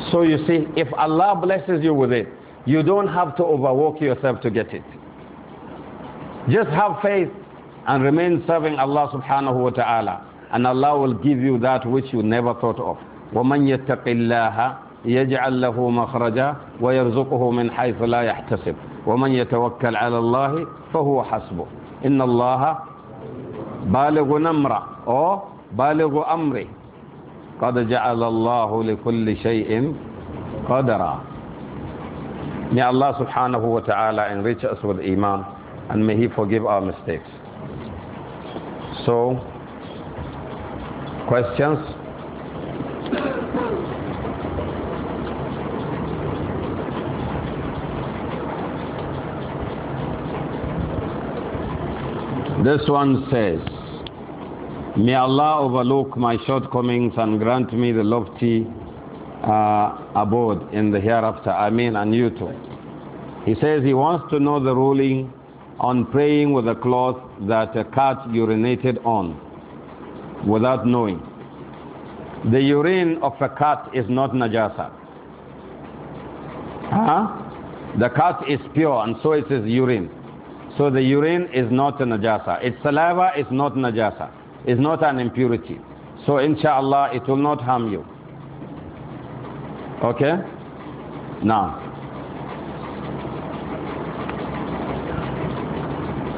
[SPEAKER 1] So you see, if Allah blesses you with it, you don't have to overwork yourself to get it. Just have faith and remain serving Allah subhanahu wa ta'ala. And Allah will give you that which you never thought of. وَمَنْ يَتَّقِ اللَّهَ يَجْعَلْ لَهُ مَخْرَجًا وَيَرْزُقُهُ مِنْ حَيْثُ لَا يَحْتَسِبُ وَمَنْ يَتَوَكَّلْ عَلَى اللَّهِ فَهُوَ حَسْبُهُ إِنَّ اللَّهَ بالغ نمرة أو بالغ أمره قد جعل الله لكل شيء قدرا May Allah subhanahu wa ta'ala enrich us with iman and may he forgive our mistakes. So, questions? This one says, May Allah overlook my shortcomings and grant me the lofty uh, abode in the hereafter. I And you too. He says he wants to know the ruling on praying with a cloth that a cat urinated on without knowing. The urine of a cat is not najasa. Huh? The cat is pure and so is it is urine. So the urine is not a najasa. Its saliva is not najasa is not an impurity. So inshallah, it will not harm you. Okay? Now.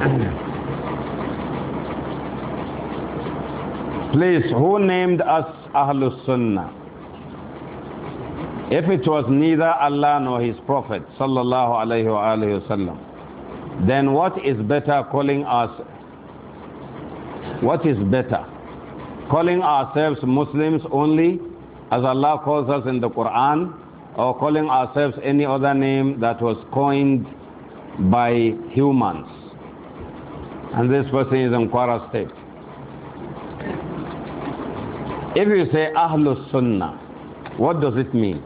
[SPEAKER 1] Please, who named us Ahlus Sunnah? If it was neither Allah nor His Prophet, sallallahu alaihi wasallam, then what is better calling us what is better? Calling ourselves Muslims only, as Allah calls us in the Quran, or calling ourselves any other name that was coined by humans. And this person is in Quara State. If you say Ahlus Sunnah, what does it mean?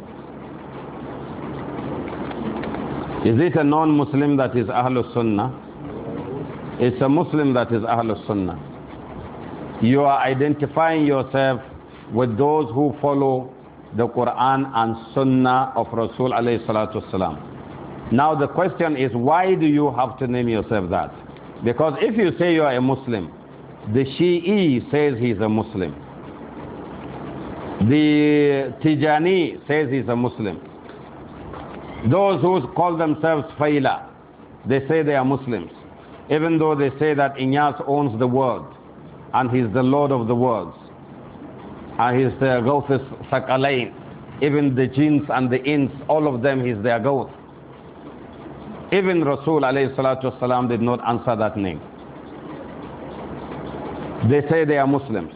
[SPEAKER 1] Is it a non Muslim that is Ahlus Sunnah? It's a Muslim that is Ahlus Sunnah you are identifying yourself with those who follow the Quran and Sunnah of Rasul alayhi salatu wasalam. Now the question is why do you have to name yourself that? Because if you say you are a Muslim, the Shi'i says he's a Muslim. The Tijani says he's a Muslim. Those who call themselves Faila, they say they are Muslims. Even though they say that Inyas owns the world and He's the Lord of the worlds. And He's the greatest Sakalain. Even the jinns and the Ins, all of them, He's their God. Even Rasul والسلام, did not answer that name. They say they are Muslims.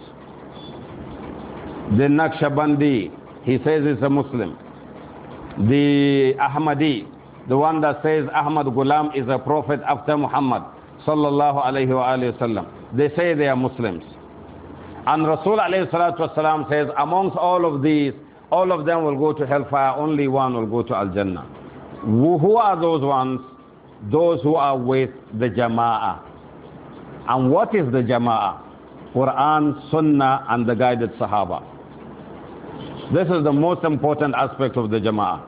[SPEAKER 1] The Naqshbandi, he says he's a Muslim. The Ahmadi, the one that says Ahmad Gulam is a prophet after Muhammad sallallahu alayhi wa sallam they say they are Muslims. And Rasul والسلام, says, amongst all of these, all of them will go to hellfire, only one will go to Al Jannah. Who are those ones? Those who are with the Jama'ah. And what is the Jama'ah? Quran, Sunnah, and the guided Sahaba. This is the most important aspect of the Jama'ah.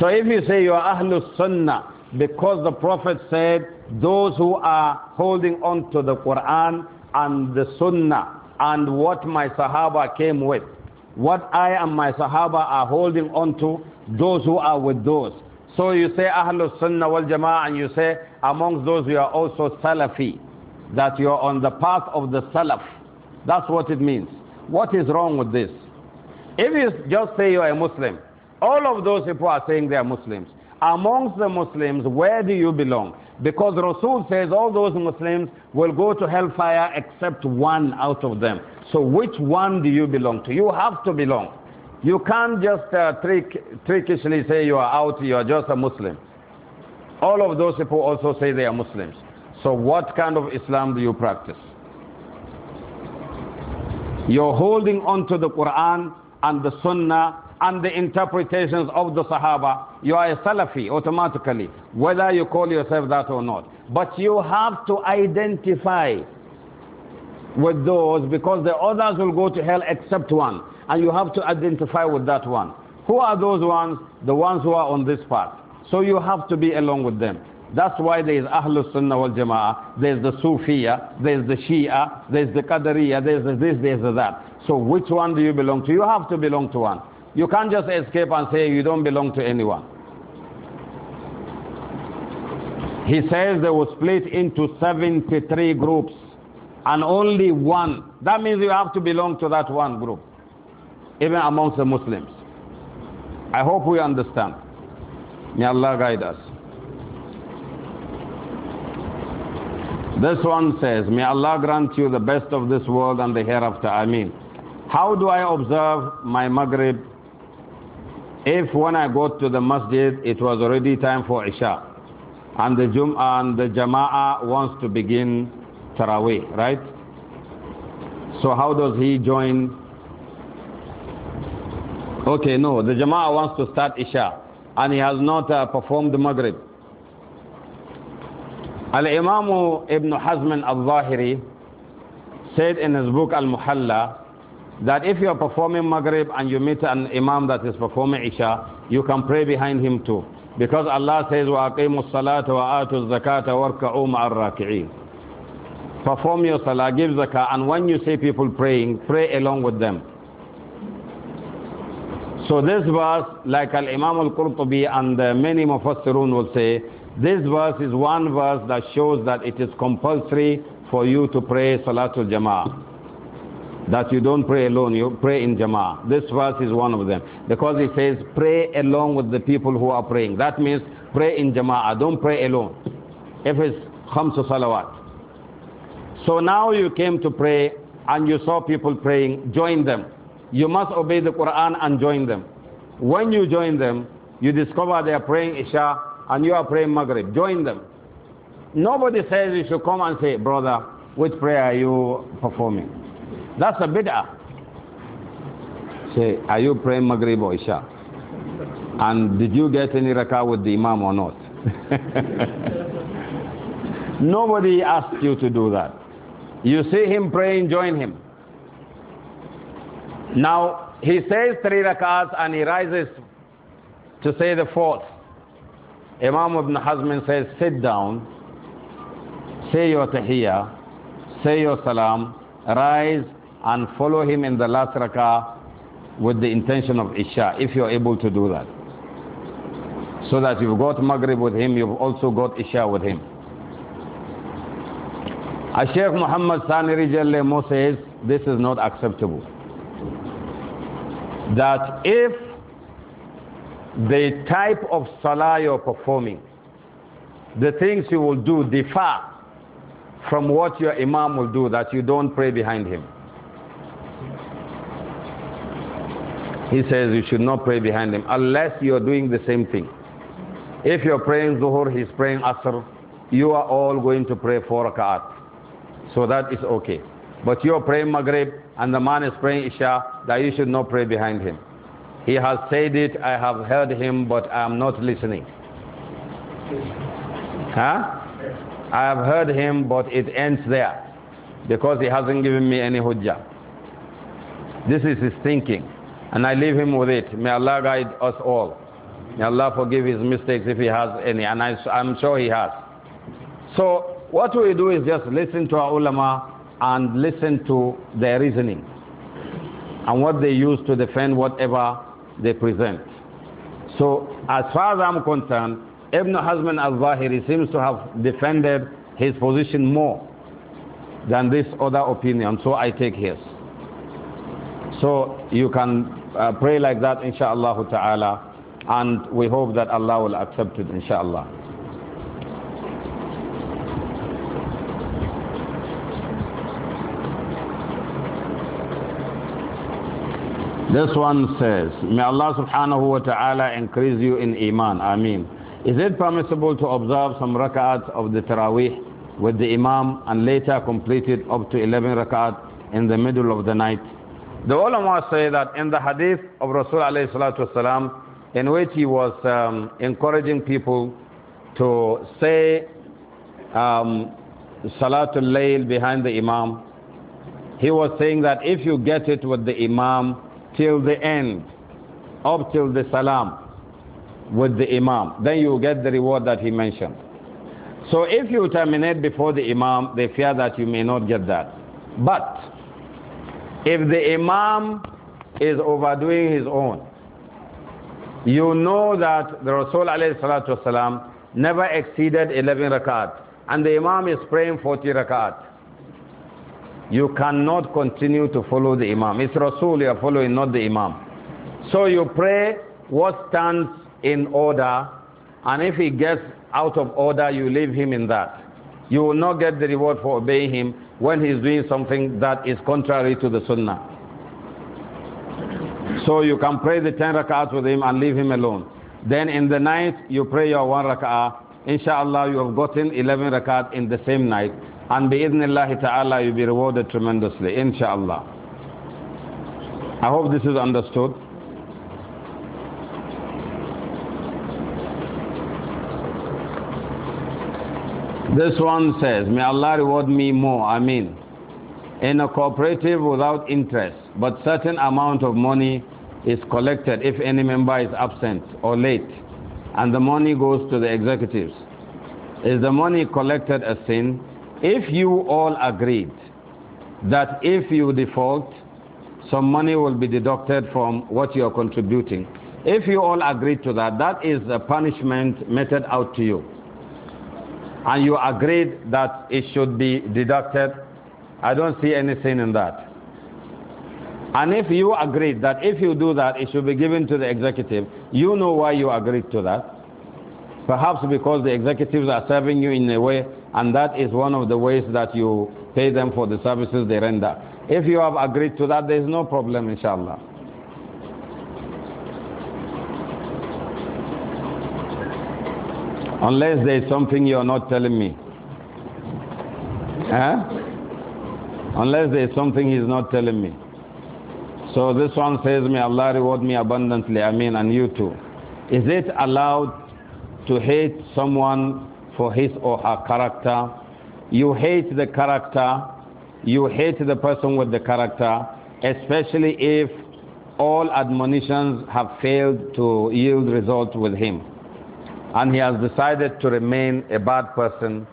[SPEAKER 1] So if you say you are Ahlul Sunnah, because the Prophet said, those who are holding on to the Quran and the Sunnah and what my Sahaba came with, what I and my Sahaba are holding on to, those who are with those. So you say Ahlul Sunnah wal Jama'ah and you say amongst those you are also Salafi, that you are on the path of the Salaf. That's what it means. What is wrong with this? If you just say you are a Muslim, all of those people are saying they are Muslims amongst the Muslims, where do you belong? Because Rasul says all those Muslims will go to hellfire except one out of them. So which one do you belong to? You have to belong. You can't just uh, trick, trickishly say you are out, you are just a Muslim. All of those people also say they are Muslims. So what kind of Islam do you practice? You're holding on to the Quran and the Sunnah and the interpretations of the Sahaba, you are a Salafi automatically, whether you call yourself that or not. But you have to identify with those because the others will go to hell except one. And you have to identify with that one. Who are those ones? The ones who are on this path. So you have to be along with them. That's why there is Ahlul Sunnah wal Jama'ah, there's the Sufiya, there's the Shia, there's the Qadariya, there's the this, there's the that. So which one do you belong to? You have to belong to one. You can't just escape and say you don't belong to anyone. He says they were split into 73 groups and only one. That means you have to belong to that one group, even amongst the Muslims. I hope we understand. May Allah guide us. This one says, May Allah grant you the best of this world and the hereafter. I mean, how do I observe my Maghrib if when I got to the masjid, it was already time for Isha, and the jum'ah and the Jama'ah wants to begin Taraweeh, right? So how does he join? Okay, no, the Jama'ah wants to start Isha, and he has not uh, performed the Maghrib. Al-Imam Ibn Hazm al-Zahiri said in his book Al-Muhalla that if you are performing Maghrib and you meet an Imam that is performing Isha, you can pray behind him too. Because Allah says, وَأَقِيمُوا الصَّلَاةَ وَآتُوا الزَّكَاةَ وَارْكَعُوا مَعَ الرَّاكِعِينَ Perform your salah, give zakah, and when you see people praying, pray along with them. So this verse, like Al-Imam Al-Qurtubi and many Mufassirun will say, this verse is one verse that shows that it is compulsory for you to pray Salatul Jama'ah that you don't pray alone, you pray in jama'ah. This verse is one of them. Because it says, pray along with the people who are praying. That means pray in jama'ah, don't pray alone. If it's khamsu salawat. So now you came to pray and you saw people praying, join them. You must obey the Quran and join them. When you join them, you discover they are praying Isha and you are praying Maghrib. Join them. Nobody says you should come and say, brother, which prayer are you performing? That's a bid'ah. Say, are you praying Maghrib or Isha? And did you get any rakah with the Imam or not? Nobody asked you to do that. You see him praying, join him. Now, he says three rakahs and he rises to say the fourth. Imam ibn Hazm says, sit down, say your tahiyyah, say your salam, rise, and follow him in the last rak'ah with the intention of Isha, if you're able to do that. So that you've got Maghrib with him, you've also got Isha with him. As Sheikh Muhammad Saniri says, this is not acceptable. That if the type of salah you're performing, the things you will do differ from what your imam will do, that you don't pray behind him. He says you should not pray behind him unless you are doing the same thing. If you're praying Zuhur, he's praying Asr, you are all going to pray four rak'at. So that is okay. But you're praying Maghrib and the man is praying Isha, that you should not pray behind him. He has said it, I have heard him, but I am not listening. Huh? I have heard him, but it ends there because he hasn't given me any hujjah. This is his thinking. And I leave him with it. May Allah guide us all. May Allah forgive his mistakes if he has any. And I, I'm sure he has. So what we do is just listen to our ulama and listen to their reasoning and what they use to defend whatever they present. So as far as I'm concerned, Ibn Hazm al-Zahiri seems to have defended his position more than this other opinion, so I take his. So you can uh, pray like that, insha'Allah ta'ala. And we hope that Allah will accept it, insha'Allah. This one says, May Allah subhanahu wa ta'ala increase you in Iman. Ameen. Is it permissible to observe some rak'at of the Taraweeh with the Imam and later complete it up to 11 rak'at in the middle of the night? The ulama say that in the hadith of Rasulullah والسلام, in which he was um, encouraging people to say um, Salatul Layl behind the Imam, he was saying that if you get it with the Imam till the end, up till the Salam with the Imam, then you get the reward that he mentioned. So if you terminate before the Imam, they fear that you may not get that. But if the Imam is overdoing his own, you know that the Rasul والسلام, never exceeded 11 rakat, and the Imam is praying 40 rakat. You cannot continue to follow the Imam. It's Rasul you are following, not the Imam. So you pray what stands in order, and if he gets out of order, you leave him in that. You will not get the reward for obeying him, when he's doing something that is contrary to the sunnah. So you can pray the 10 rak'ahs with him and leave him alone. Then in the night, you pray your one rak'ah. Inshallah, you have gotten 11 rak'ahs in the same night. And bi'idhnillahi ta'ala, you'll be rewarded tremendously. Inshallah. I hope this is understood. This one says, May Allah reward me more, I mean, in a cooperative without interest, but certain amount of money is collected if any member is absent or late, and the money goes to the executives. Is the money collected a sin? If you all agreed that if you default, some money will be deducted from what you are contributing. If you all agreed to that, that is the punishment meted out to you and you agreed that it should be deducted, I don't see anything in that. And if you agreed that if you do that, it should be given to the executive, you know why you agreed to that. Perhaps because the executives are serving you in a way, and that is one of the ways that you pay them for the services they render. If you have agreed to that, there is no problem, inshallah. Unless there is something you are not telling me. Huh? Unless there is something he's not telling me. So this one says, May Allah reward me abundantly. I mean, and you too. Is it allowed to hate someone for his or her character? You hate the character, you hate the person with the character, especially if all admonitions have failed to yield result with him and he has decided to remain a bad person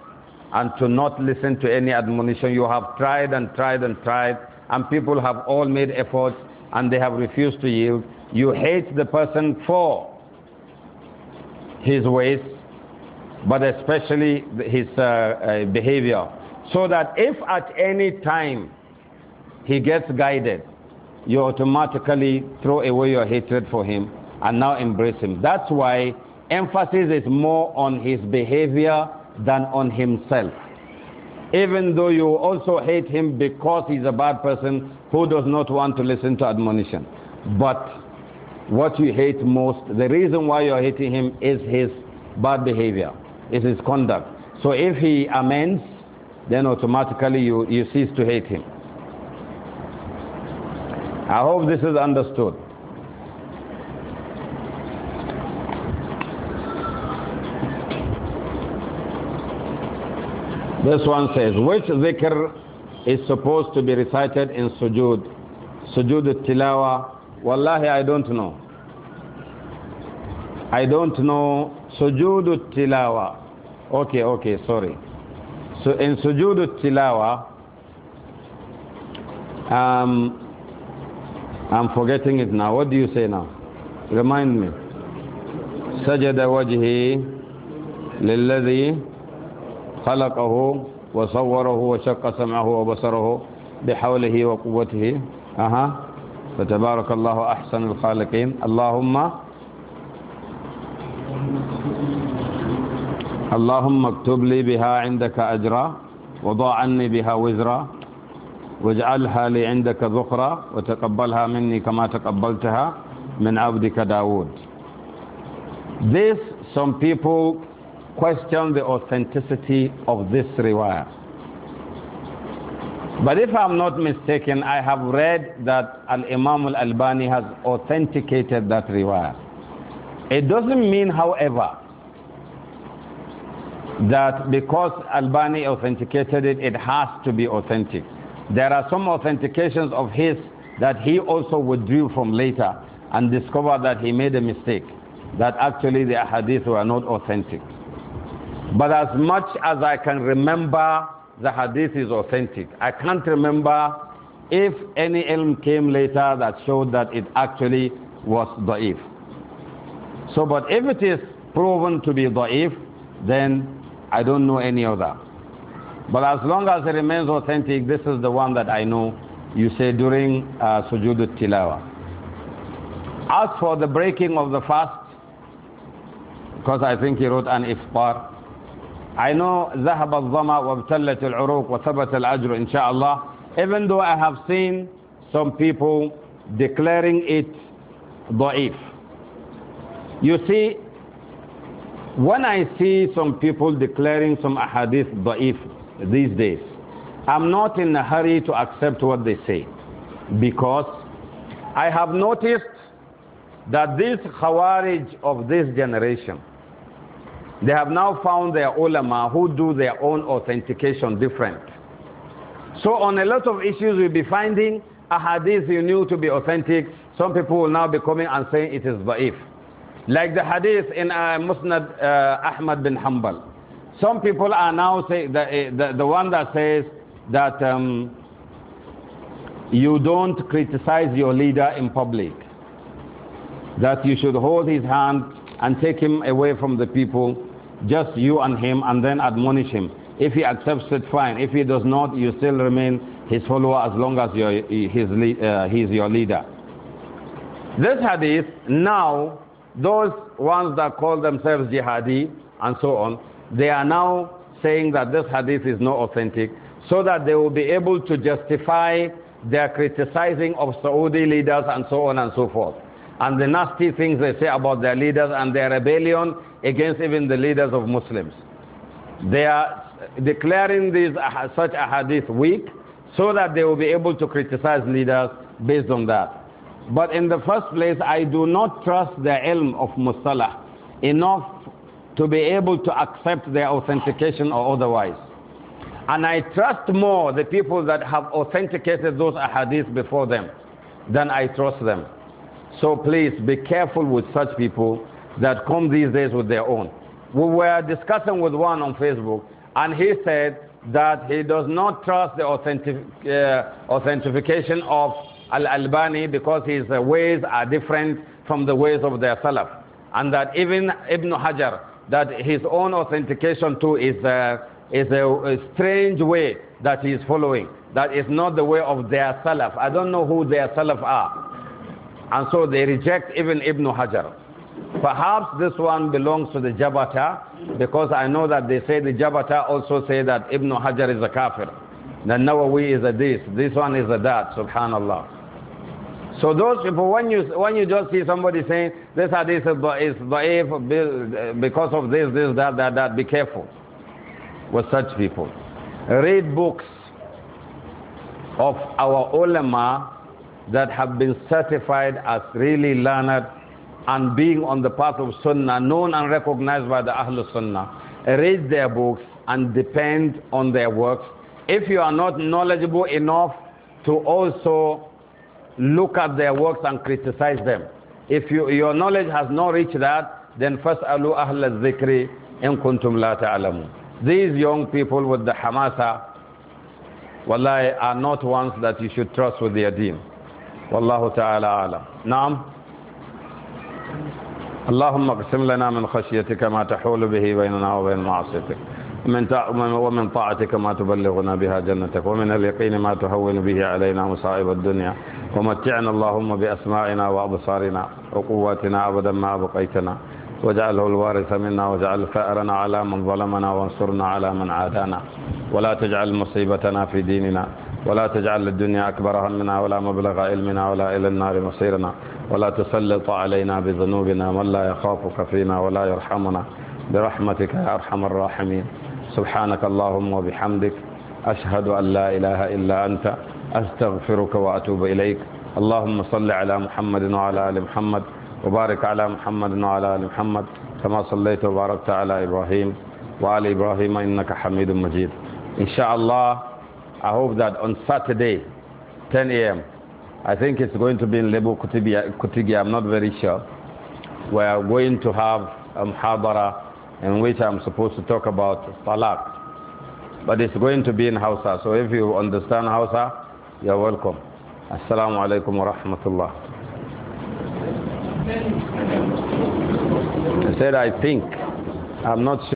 [SPEAKER 1] and to not listen to any admonition. You have tried and tried and tried, and people have all made efforts and they have refused to yield. You hate the person for his ways, but especially his uh, uh, behavior. So that if at any time he gets guided, you automatically throw away your hatred for him and now embrace him. That's why emphasis is more on his behavior than on himself. Even though you also hate him because he's a bad person who does not want to listen to admonition. But what you hate most, the reason why you're hating him is his bad behavior, is his conduct. So if he amends, then automatically you, you cease to hate him. I hope this is understood. This one says, which dhikr is supposed to be recited in sujud? Sujud tilawa? Wallahi, I don't know. I don't know. Sujud tilawa. Okay, okay, sorry. So in sujud tilawa, um, I'm forgetting it now. What do you say now? Remind me. سجد wajhi للذي خلقه وصوره وشق سمعه وبصره بحوله وقوته أها فتبارك الله أحسن الخالقين اللهم اللهم اكتب لي بها عندك أجرا وضع عني بها وزرا واجعلها لي عندك ذخرا وتقبلها مني كما تقبلتها من عبدك داود This some people question the authenticity of this riwayah. But if I'm not mistaken, I have read that Al Imam Al Albani has authenticated that riwayah. It doesn't mean, however, that because Albani authenticated it, it has to be authentic. There are some authentications of his that he also withdrew from later and discovered that he made a mistake, that actually the hadith were not authentic. But as much as I can remember, the hadith is authentic. I can't remember if any ilm came later that showed that it actually was da'if. So, but if it is proven to be da'if, then I don't know any other. But as long as it remains authentic, this is the one that I know you say during uh, sujood tilawa. As for the breaking of the fast, because I think he wrote an iftar, I know ذهب الظما وابتلت العروق وثبت الأجر إن شاء الله. Even though I have seen some people declaring it ضعيف. You see, when I see some people declaring some ahadith ضعيف these days, I'm not in a hurry to accept what they say because I have noticed that this Khawarij of this generation, they have now found their ulama who do their own authentication different. So on a lot of issues, we'll be finding a hadith you knew to be authentic. Some people will now be coming and saying it is baif, Like the hadith in uh, Musnad uh, Ahmad bin Hanbal. Some people are now saying, the, uh, the, the, one that says that um, you don't criticize your leader in public. That you should hold his hand and take him away from the people. Just you and him, and then admonish him. If he accepts it, fine. If he does not, you still remain his follower as long as you're, uh, he's your leader. This hadith, now, those ones that call themselves jihadi and so on, they are now saying that this hadith is not authentic so that they will be able to justify their criticizing of Saudi leaders and so on and so forth. And the nasty things they say about their leaders and their rebellion against even the leaders of Muslims. They are declaring these ah, such ahadith weak so that they will be able to criticize leaders based on that. But in the first place, I do not trust the ilm of Mustalah enough to be able to accept their authentication or otherwise. And I trust more the people that have authenticated those ahadith before them than I trust them. So please be careful with such people that come these days with their own. We were discussing with one on Facebook, and he said that he does not trust the authentic, uh, authentication of Al Albani because his uh, ways are different from the ways of their Salaf. And that even Ibn Hajar, that his own authentication too is, uh, is a, a strange way that he is following. That is not the way of their Salaf. I don't know who their Salaf are. And so they reject even Ibn Hajar. Perhaps this one belongs to the Jabata, because I know that they say the Jabata also say that Ibn Hajar is a kafir. The Nawawi is a this, this one is a that, subhanallah. So those people, when you, when you just see somebody saying, this hadith is da'if because of this, this, that, that, that, be careful with such people. Read books of our ulama that have been certified as really learned and being on the path of Sunnah, known and recognized by the Ahlul Sunnah, read their books and depend on their works. If you are not knowledgeable enough to also look at their works and criticize them, if you, your knowledge has not reached that, then first alu ahl al-zikri in kuntum la ta'alamun. These young people with the hamasa, wallahi, are not ones that you should trust with their deen. Wallahu ta'ala alam. Naam. اللهم اقسم لنا من خشيتك ما تحول به بيننا وبين معصيتك من ومن طاعتك ما تبلغنا بها جنتك ومن اليقين ما تهون به علينا مصائب الدنيا ومتعنا اللهم بأسمائنا وأبصارنا وقواتنا أبدا ما أبقيتنا واجعله الوارث منا واجعل ثأرنا على من ظلمنا وانصرنا على من عادانا ولا تجعل مصيبتنا في ديننا ولا تجعل الدنيا أكبر همنا ولا مبلغ علمنا ولا إلى النار مصيرنا ولا تسلط علينا بذنوبنا من لا يخافك فينا ولا يرحمنا برحمتك يا أرحم الراحمين سبحانك اللهم وبحمدك أشهد أن لا إله إلا أنت أستغفرك وأتوب إليك اللهم صل على محمد وعلى آل محمد وبارك على محمد وعلى آل محمد كما صليت وباركت على إبراهيم وعلى إبراهيم إنك حميد مجيد إن شاء الله I hope that on Saturday, 10 a.m., I think it's going to be in Lebo Kutigi, I'm not very sure. We are going to have a muhabara in which I'm supposed to talk about talaq. But it's going to be in Hausa, so if you understand Hausa, you're welcome. Assalamu alaikum wa rahmatullah. I said, I think. I'm not sure.